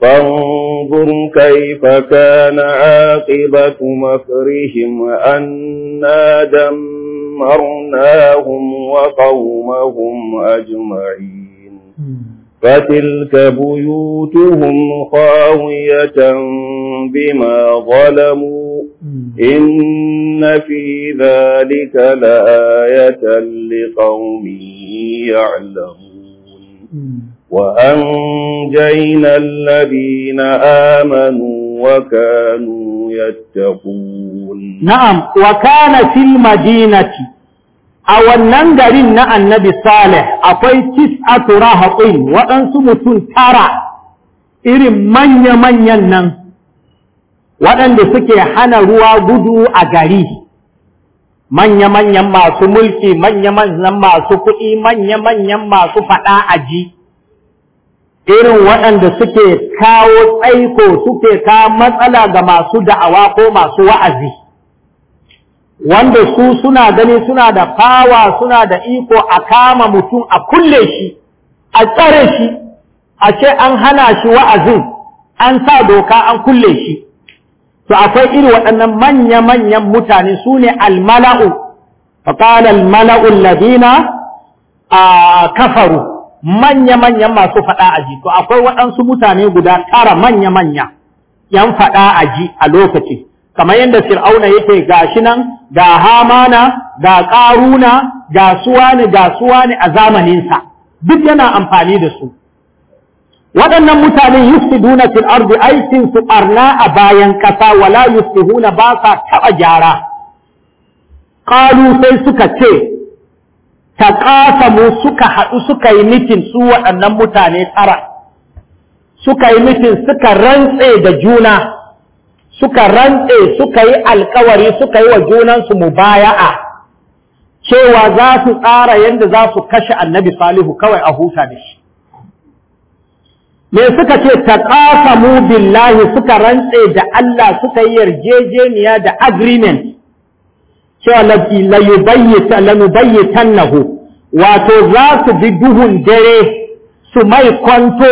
فانظر كيف كان عاقبة مكرهم أنا دمرنا دمرناهم وقومهم أجمعين فتلك بيوتهم خاوية بما ظلموا إن في ذلك لآية لقوم يعلمون وأنجينا الذين آمنوا وكانوا يتقون نعم وكان في المدينة أو الننجرين النبي صالح أقوي تسعة راهقين وأنسمتون tara irin manya-manyan nan waɗanda suke hana ruwa gudu a gari manya-manyan masu mulki manya-manyan masu kuɗi manya-manyan masu faɗa aji irin waɗanda suke kawo tsaiko suke kawo matsala ga masu da'awa ko masu wa'azi wanda su suna gani suna da fawa suna da iko a kama mutum a kulle shi a tsare shi a ce an hana shi wa'azin an sa doka an kulle shi to akwai iri waɗannan manya-manyan mutane su ne almala'u faƙalar mala'un labina a kafaru manya-manyan masu faɗa a ji, to akwai waɗansu mutane guda tara manya-manya ‘yan faɗa a ji a lokaci, kamar yadda Fir'auna yake ga shi nan, ga Hamana, ga Ƙaruna, ga Suwani, ga Suwani a zamaninsa, duk yana amfani da su. Waɗannan mutane yufsiduna fil ardi aikin su ɓarna a bayan ƙasa wala huna ba sa taɓa gyara. Ƙalu sai suka ce, ta kasamu suka haɗu suka yi mitin su waɗannan mutane tara suka yi mitin suka rantse da juna suka rantse suka yi alkawari suka yi wa junansu mubaya'a cewa za su tsara yadda za su kashe annabi salihu kawai a huta da shi me suka ce taqasamu billahi suka rantse da Allah suka yi yarjejeniya da agreement cewa layubayyatan wato za su bi duhun dare su mai kwanto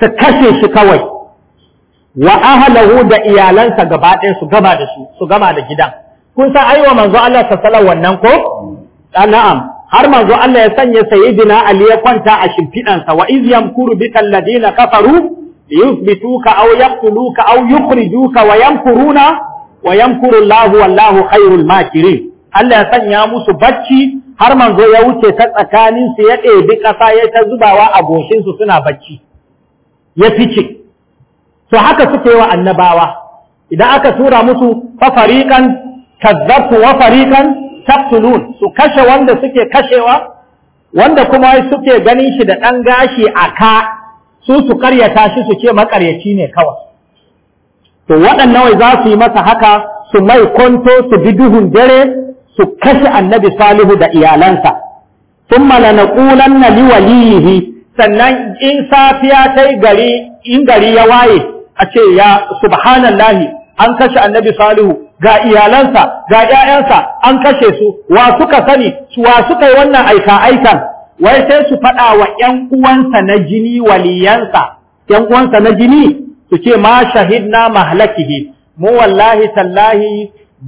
su kashe shi kawai wa ahlahu da iyalansa gaba ɗaya su gama da su su gama da gidan kun san aiwa manzo Allah sala wannan ko ah, na'am har manzo Allah ya sanya sayyidina Ali ya kwanta a shimfidansa wa iz yamkuru bika alladina kafaru liyuthbituka aw yaqtuluka aw yukhrijuka wa yamkuruna wa yamkuru Allahu wallahu khairul makirin Allah ya sanya musu bacci har manzo ya wuce ta tsakanin su ya ɗebi ƙasa ya ta zubawa a goshin suna bacci ya fice to haka suke wa annabawa idan aka tura musu fa fariqan kadzabtu wa fariqan taqtulun su kashe wanda suke kashewa wanda kuma suke ganin shi da ɗan gashi a ka su su karyata shi su ce makaryaci ne kawai to waɗannan za su yi masa haka su mai kwanto su bi duhun dare su kashe annabi salihu da iyalansa sun malana'ulan na liwaliyihi sannan in safiya ta gari in gari ya waye a ce ya subhanallahi an kashe annabi salihu ga iyalansa ga 'ya'yansa an kashe su wa suka sani wa suka yi wannan aika aikan wai sai su faɗa wa ‘yan uwansa na jini waliyansa ‘yan uwansa na jini su ce ma shahidna mahalakihi mu wallahi sallahi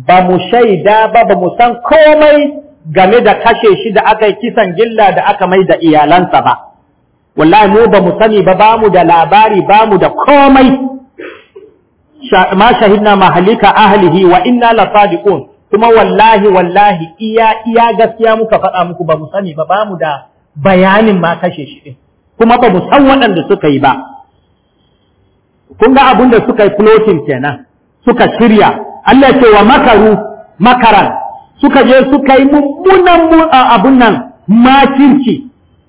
ba mu shaida ba ba mu san komai game da kashe shi da aka yi kisan gilla da aka mai da iyalansa ba wallahi mu ba mu sani ba ba mu da labari ba mu da komai ma shahidna mahalika ahlihi wa inna la sadiqun kuma wallahi wallahi iya iya gaskiya muka faɗa muku ba mu sani ba ba mu da bayanin ma kashe shi kuma ba mu san waɗanda suka yi ba kun ga abin da suka yi floating kenan suka shirya Allah ce wa makaru makaran suka je suka yi mummunan abun nan makirci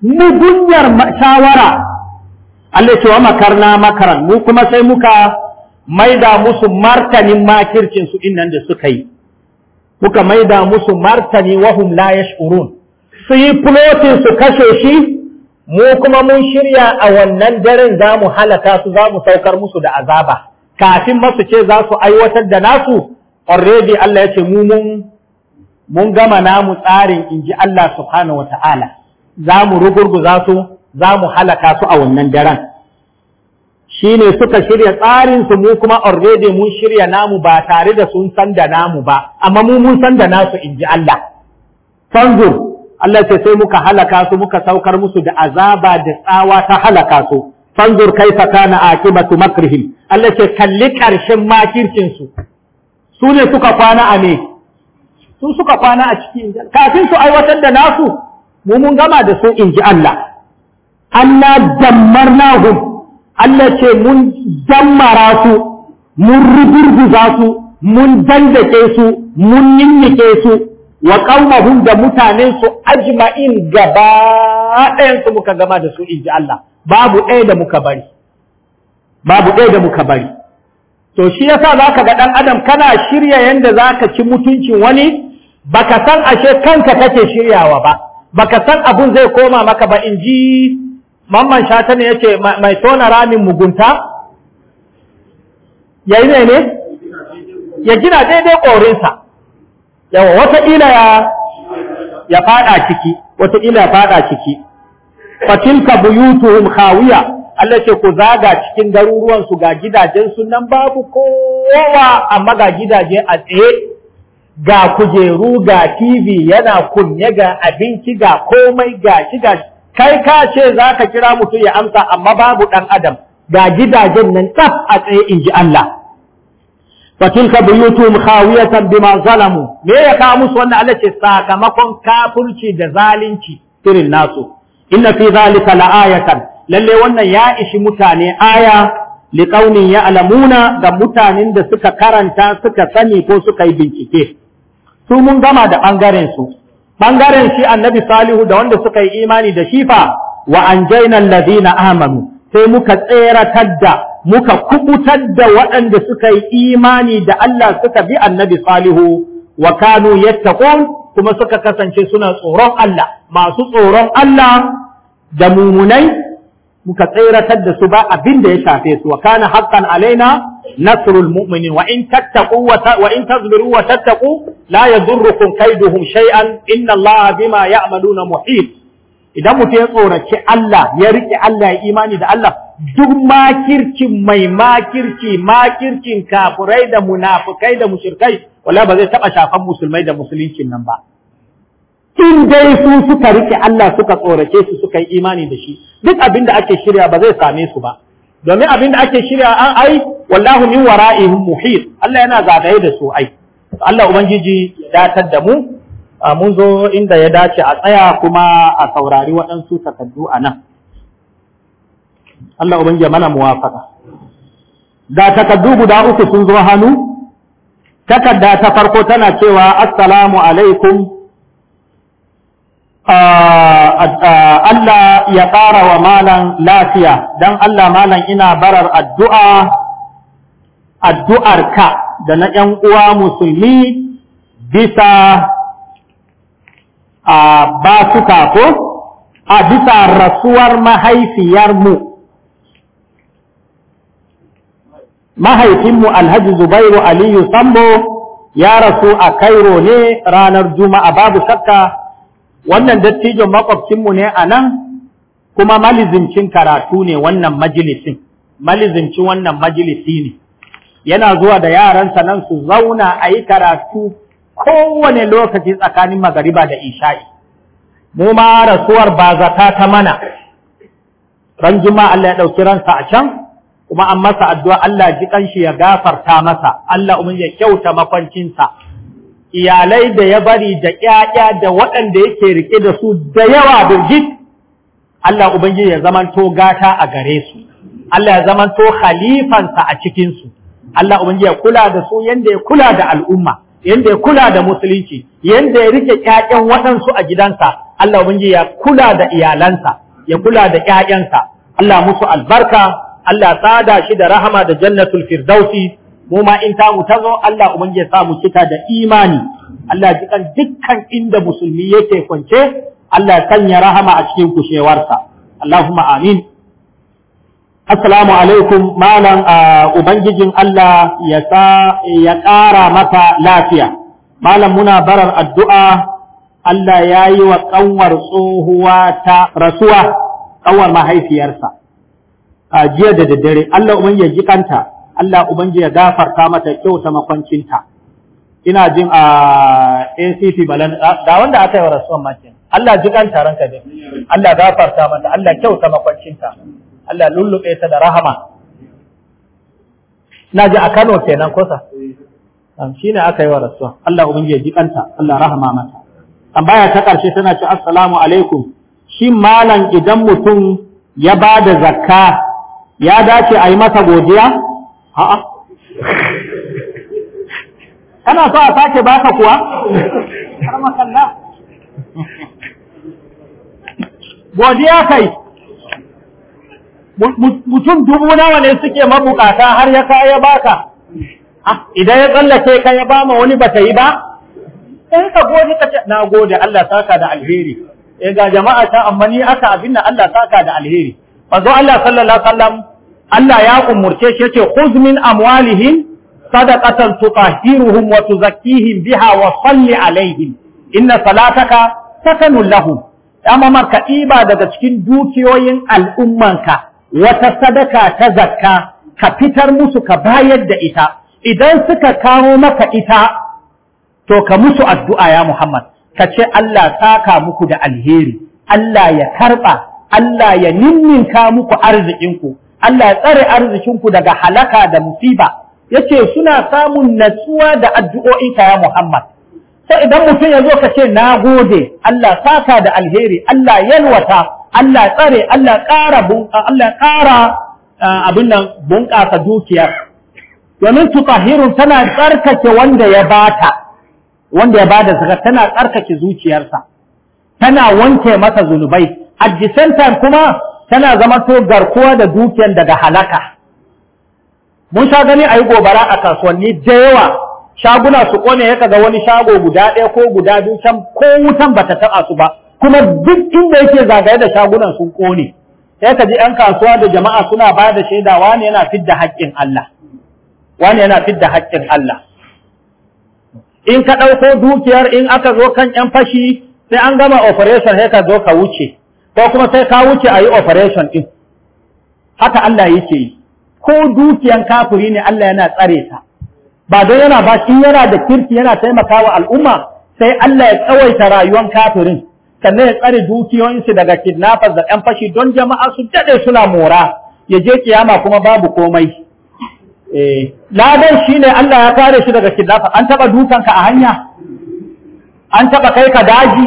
mugunyar shawara Allah ce wa makarna makaran mu kuma sai muka maida musu martanin makircin su innan da suka yi muka maida musu martani wahum la yash'urun su yi floating su kashe shi mu kuma mun shirya a wannan daren za mu halaka su za mu saukar musu da azaba kafin masu ce za su aiwatar da nasu already Allah ya ce mu mun mun gama namu tsarin in ji Allah subhanahu wata'ala za mu rugurguza su za mu halaka su a wannan daren shi ne suka shirya tsarin su mu kuma already mun shirya namu ba tare da sun san da namu ba amma mu mun san da nasu in ji Allah fanzur Allah ce sai muka halaka su muka saukar musu da azaba da tsawa ta halaka su fanzur kaifa kana akibatu makrihim Allah ce kalli karshen makircin su su ne suka kwana a me su suka kwana a cikin kafin su aiwatar da nasu mu mun gama da su inji Allah Allah dammarnahum Allah ce mun dammara su mun za su mun dandake su mun ninnike su wa qaumahum da mutanen su ajma'in gaba ɗayan su muka gama da su inji Allah babu ɗaya da muka bari babu ɗaya da muka bari to shi yasa zaka ga ɗan adam kana shirya yanda ka ci mutuncin wani baka san ashe kanka kake shiryawa ba baka san abun zai koma maka ba in ji. mamman shata ne yace mai tona ramin mugunta yayi ne ne ya gina daidai sa. yawa wataƙila ya ya fada ciki wataƙila ya fada ciki fatilka buyutuhum khawiya Allah ce ku zaga cikin garuruwan su ga gidajen su nan babu kowa amma ga gidaje a tsaye ga kujeru ga TV yana kunne ga abinci ga komai ga shiga. kai ka ce zaka kira mutum ya amsa amma babu dan adam ga gidajen nan tsaf a tsaye inji Allah fatilka buyutum khawiyatan bima zalamu me ya kawo musu wannan Allah ce sakamakon kafurci da zalunci irin nasu inna fi zalika la'ayatan lalle wannan ya ishi mutane aya liqaunin ya'lamuna ga mutanen da suka karanta suka sani ko suka yi bincike su mun gama da bangaren su bangaren shi annabi salihu da wanda suka yi imani da shifa wa anjayna alladhina amanu sai muka tseratar da muka kubutar da waɗanda suka yi imani da Allah suka bi annabi salihu wa kanu yattaqun kuma suka kasance suna tsoron Allah masu tsoron Allah da mumunai muka tsiratar da su ba abin da ya shafe su wa kana haqqan alaina nasrul mu'minin wa in tattaqu wa in tazbiru wa tattaqu la yadurrukum kaiduhum shay'an inna Allah bima ya'maluna muhit idan mutum ya tsoraci Allah ya rike Allah ya imani da Allah duk makircin mai makirci makircin kafurai da munafukai da mushrikai wala ba zai taba shafan musulmai da musuluncin nan ba in dai su suka rike Allah suka tsorace su suka yi imani da shi duk abin da ake shirya ba zai same su ba domin abin da ake shirya an ai wallahu min wara'ihim muhit Allah yana zagaye da su ai Allah ubangiji ya datar da mu mun zo inda ya dace a tsaya kuma a saurari waɗansu takaddu a nan Allah ubangiji mana muwafaka da takaddubu guda uku sun zo hannu takadda ta farko tana cewa assalamu alaikum ah, ah, Allah ya ƙara wa malan lafiya don Allah malan ina barar addu'a addu'ar ka da na ‘yan uwa musulmi bisa a ah, basuka ko a bisa rasuwar mahaifiyar mu mahaifinmu alhaji zubairu aliyu sambo ya rasu a kairo ne ranar juma'a babu shakka wannan dattijon makwabcinmu ne a nan kuma malizincin karatu ne wannan majalisin malizincin wannan majalisi ne yana zuwa da yaransa nan su zauna a yi karatu kowane lokaci tsakanin magariba da isha'i mu ma rasuwar ba zata ta mana ran juma'a Allah ya ɗauki ransa a can kuma an masa addu'a Allah ji kanshi ya gafarta masa Allah umin ya kyauta makwancinsa iyalai da ya bari da ƴaƴa da waɗanda yake rike da su da yawa birgit Allah ubangiji ya zamanto gata a gare su Allah ya zamanto khalifansa a cikinsu. su Allah ubangiji ya kula da su yanda ya kula da al'umma yanda ya kula da musulunci yanda ya rike ƴaƴan waɗansu a gidansa Allah ubangiji ya kula da iyalansa ya kula da ƴaƴansa Allah musu albarka Allah tsada shi da rahama da jannatul firdausi mu ma in ta ta zo Allah ubangiji ya sa mu cika da imani Allah jikan dukkan inda musulmi yake kwance Allah sanya rahama a cikin kushewarsa Allahumma amin Assalamu alaikum malam ubangijin Allah ya sa ya ƙara masa lafiya malam muna barar addu'a Allah ya yi wa ƙanwar tsohuwa ta rasuwa ƙanwar mahaifiyarsa a jiya da daddare Allah ubangi ya jikanta Allah ubangi ya gafarta mata kyauta makwancinta ina jin a ACP balan da wanda aka yi wa rasuwan makin Allah jikanta ranka ne Allah gafarta mata Allah kyauta makwancinta Allah lullube ta da rahama na ji a Kano kenan kosa shi ne aka yi wa rasuwa Allah ubangi ya jikanta Allah rahama mata tambaya ta ƙarshe tana ce assalamu alaikum shi malam idan mutum ya ba da zakka ya dace a yi masa godiya a'a kana so a sake baka kuwa har godiya kai mutum dubu nawa ne suke mabukata har ya ya baka idan ya tsallake ka ya ba ma wani ta yi ba in ka gode ka ce na gode Allah saka da alheri eh ga jama'a ta amma ni aka abin Allah saka da alheri manzo Allah sallallahu alaihi Allah ya umurce shi yace khuz amwalihin amwalihim sadaqatan tutahhiruhum wa tuzakkihim biha wa salli alaihim inna salataka sakanun lahum amma marka iba daga cikin dukiyoyin al'ummanka wata sadaka ta zakka ka fitar musu ka bayar da ita idan suka kawo maka ita to ka musu addu'a ya Muhammad ka ce Allah saka muku da alheri Allah ya karba Allah ya ninninka muku arzikinku Allah ya tsare arzikinku daga halaka da musiba yace suna samun natsuwa da addu'o'in ya Muhammad sai idan mutum ya zo ka ce na gode. Allah saka da alheri Allah yalwata Allah tsare Allah ƙara Allah ƙara abin nan bunƙasa dukiyar domin tutahirun tana tsarkake wanda ya bata wanda ya bada zaka tana tsarkake zuciyarsa tana wanke masa zunubai at the same time kuma tana zama to garkuwa da dukiyar daga halaka mun sha gani a yi gobara a kasuwanni da yawa shaguna su ƙone ya kaga wani shago guda ɗaya ko guda biyu can ko wutan bata taɓa su ba kuma duk inda yake zagaye da shagunan sun ƙone. sai ka ji 'yan kasuwa da jama'a suna ba da shaida wani yana fidda haƙƙin Allah wani yana fidda haƙƙin Allah in ka ɗauko dukiyar in aka zo kan 'yan fashi sai an gama operation sai ka zo ka wuce ko kuma sai ka wuce a yi operation ɗin haka Allah yake yi ko dukiyan kafiri ne Allah yana tsare ta ba don yana ba shi yana da kirki yana taimakawa al'umma sai Allah ya tsawaita rayuwar kafirin sannan ya tsare dukiyoyinsu daga kidnappers da ɗan fashi don jama'a su daɗe suna mora ya je kiyama kuma babu komai eh, ladan shi ne Allah ya kare shi daga kidnappers an taɓa dukanka a hanya an taɓa kai ka daji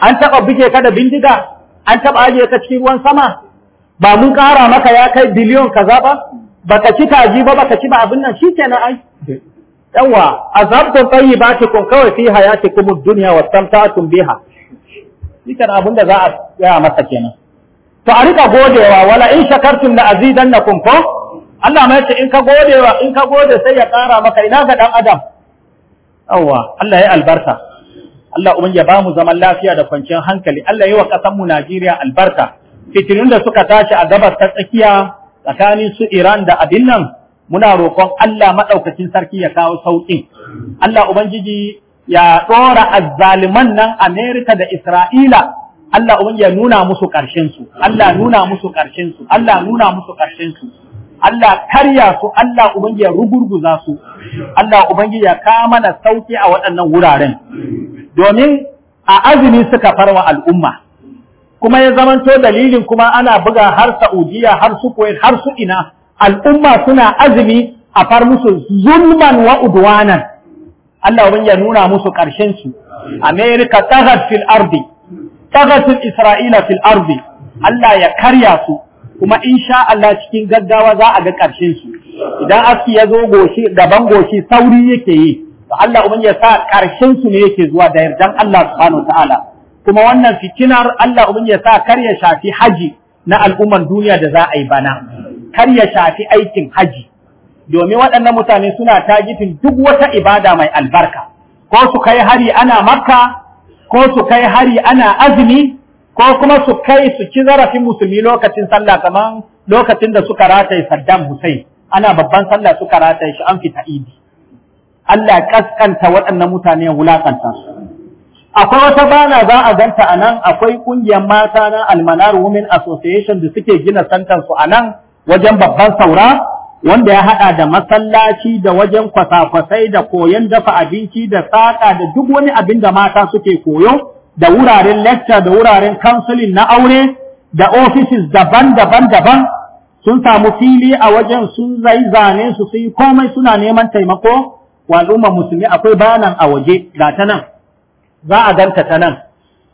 an taɓa bige ka da bindiga an taɓa ajiye ka cikin ruwan sama ba mun ƙara maka ya kai biliyon kaza ba baka ci kaji ba baka ci ba abin nan shi kenan ai yawa azabtum tayyibatikum kawai fi hayatikum ad-dunya wastamta'tum biha shikan abin da za a tsaya masa kenan to a rika godewa wala in shakartum la azidannakum ko Allah mai ce in ka godewa in ka gode sai ya ƙara maka ina ga dan adam yawa Allah ya albarka Allah uban ya bamu zaman lafiya da kwanciyar hankali Allah yi wa ƙasar mu Najeriya albarka fitilun da suka tashi a gabas ta tsakiya tsakanin su Iran da abin nan muna roƙon Allah maɗaukacin sarki ya kawo sauƙin Allah ubangiji ya ɗora azzaliman nan Amerika da Isra'ila Allah ubangi ya nuna musu ƙarshen su. Allah nuna musu ƙarshen su. Allah nuna musu ƙarshen su. Allah karya su, Allah ubangi ya ruburguza su, Allah ubangi ya kama na sauƙi a waɗannan wuraren. domin a azumi suka farwa al'umma kuma ya zamanto dalilin kuma ana buga har Saudiya har su Kuwait har su ina al'umma suna azumi a far musu zulman wa udwanan Allah ya nuna musu ƙarshen su Amerika taghat fil ardi Isra'ila fil ardi Allah ya karya su kuma insha Allah cikin gaggawa za a ga ƙarshen su idan aski ya zo goshi gaban goshi sauri yake yi to Allah ubangiji ya sa karshen su ne yake zuwa da yardan Allah subhanahu ta'ala kuma wannan fitinar Allah ubangiji ya sa kar ya shafi haji na al'umman duniya da za a yi bana kar ya shafi aikin haji domin waɗannan mutane suna tagitin duk wata ibada mai albarka ko su kai hari ana makka ko su kai hari ana azumi ko kuma su kai su ci zarafin musulmi lokacin sallah kamar lokacin da suka rataye Saddam Hussein ana babban sallah suka rataye shi an fita idi Allah kaskanta waɗannan mutane wulakanta su akwai wata bana za a ganta a nan akwai ƙungiyar mata na almanar women association da suke gina santar su a nan wajen babban saura wanda ya haɗa da masallaci da wajen kwasa-kwasai da koyon dafa abinci da saƙa da duk wani abin da mata suke koyo da wuraren lecture da wuraren counseling na aure da offices daban-daban daban sun samu fili a wajen sun zai zane su sun yi komai suna neman taimako wa musulmi akwai banan a waje ga ta nan za a ganta ta nan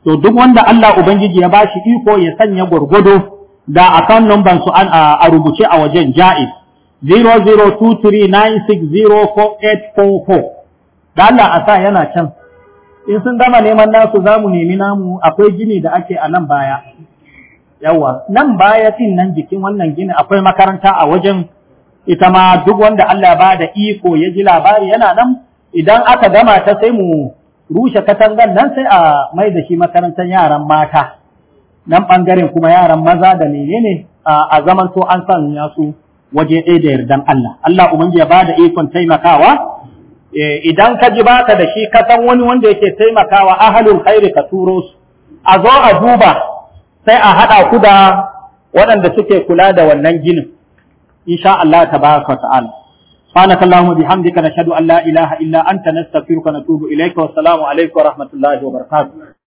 to duk wanda Allah ubangiji ya bashi iko ya sanya gurgudu da akan numban su an a rubuce a wajen ja'iz 00239604844 da Allah a sa yana can in sun gama neman nasu za mu nemi namu akwai gini da ake a nan baya yawa nan baya tin nan jikin wannan gini akwai makaranta a wajen ita ma duk wanda Allah ba da iko ya ji labari yana nan idan aka gama ta sai mu rushe katangan nan sai a mai da shi makarantar yaran mata nan ɓangaren kuma yaran maza da menene a zaman to an sanya su waje ɗaya da yardan Allah Allah ubangi ya ba da ikon taimakawa e, idan ka ji baka da shi ka san wani wanda yake taimakawa ahalul khairi ka turo su a zo a duba sai a haɗa ku da waɗanda suke kula da wannan ginin insha Allah Ta ba ta'ala subhanaka allahumma bihamdika nashhadu an la ilaha illa anta nastaghfiruka wa natubu ilayka wa assalamu alaykum wa rahmatullahi wa barakatuh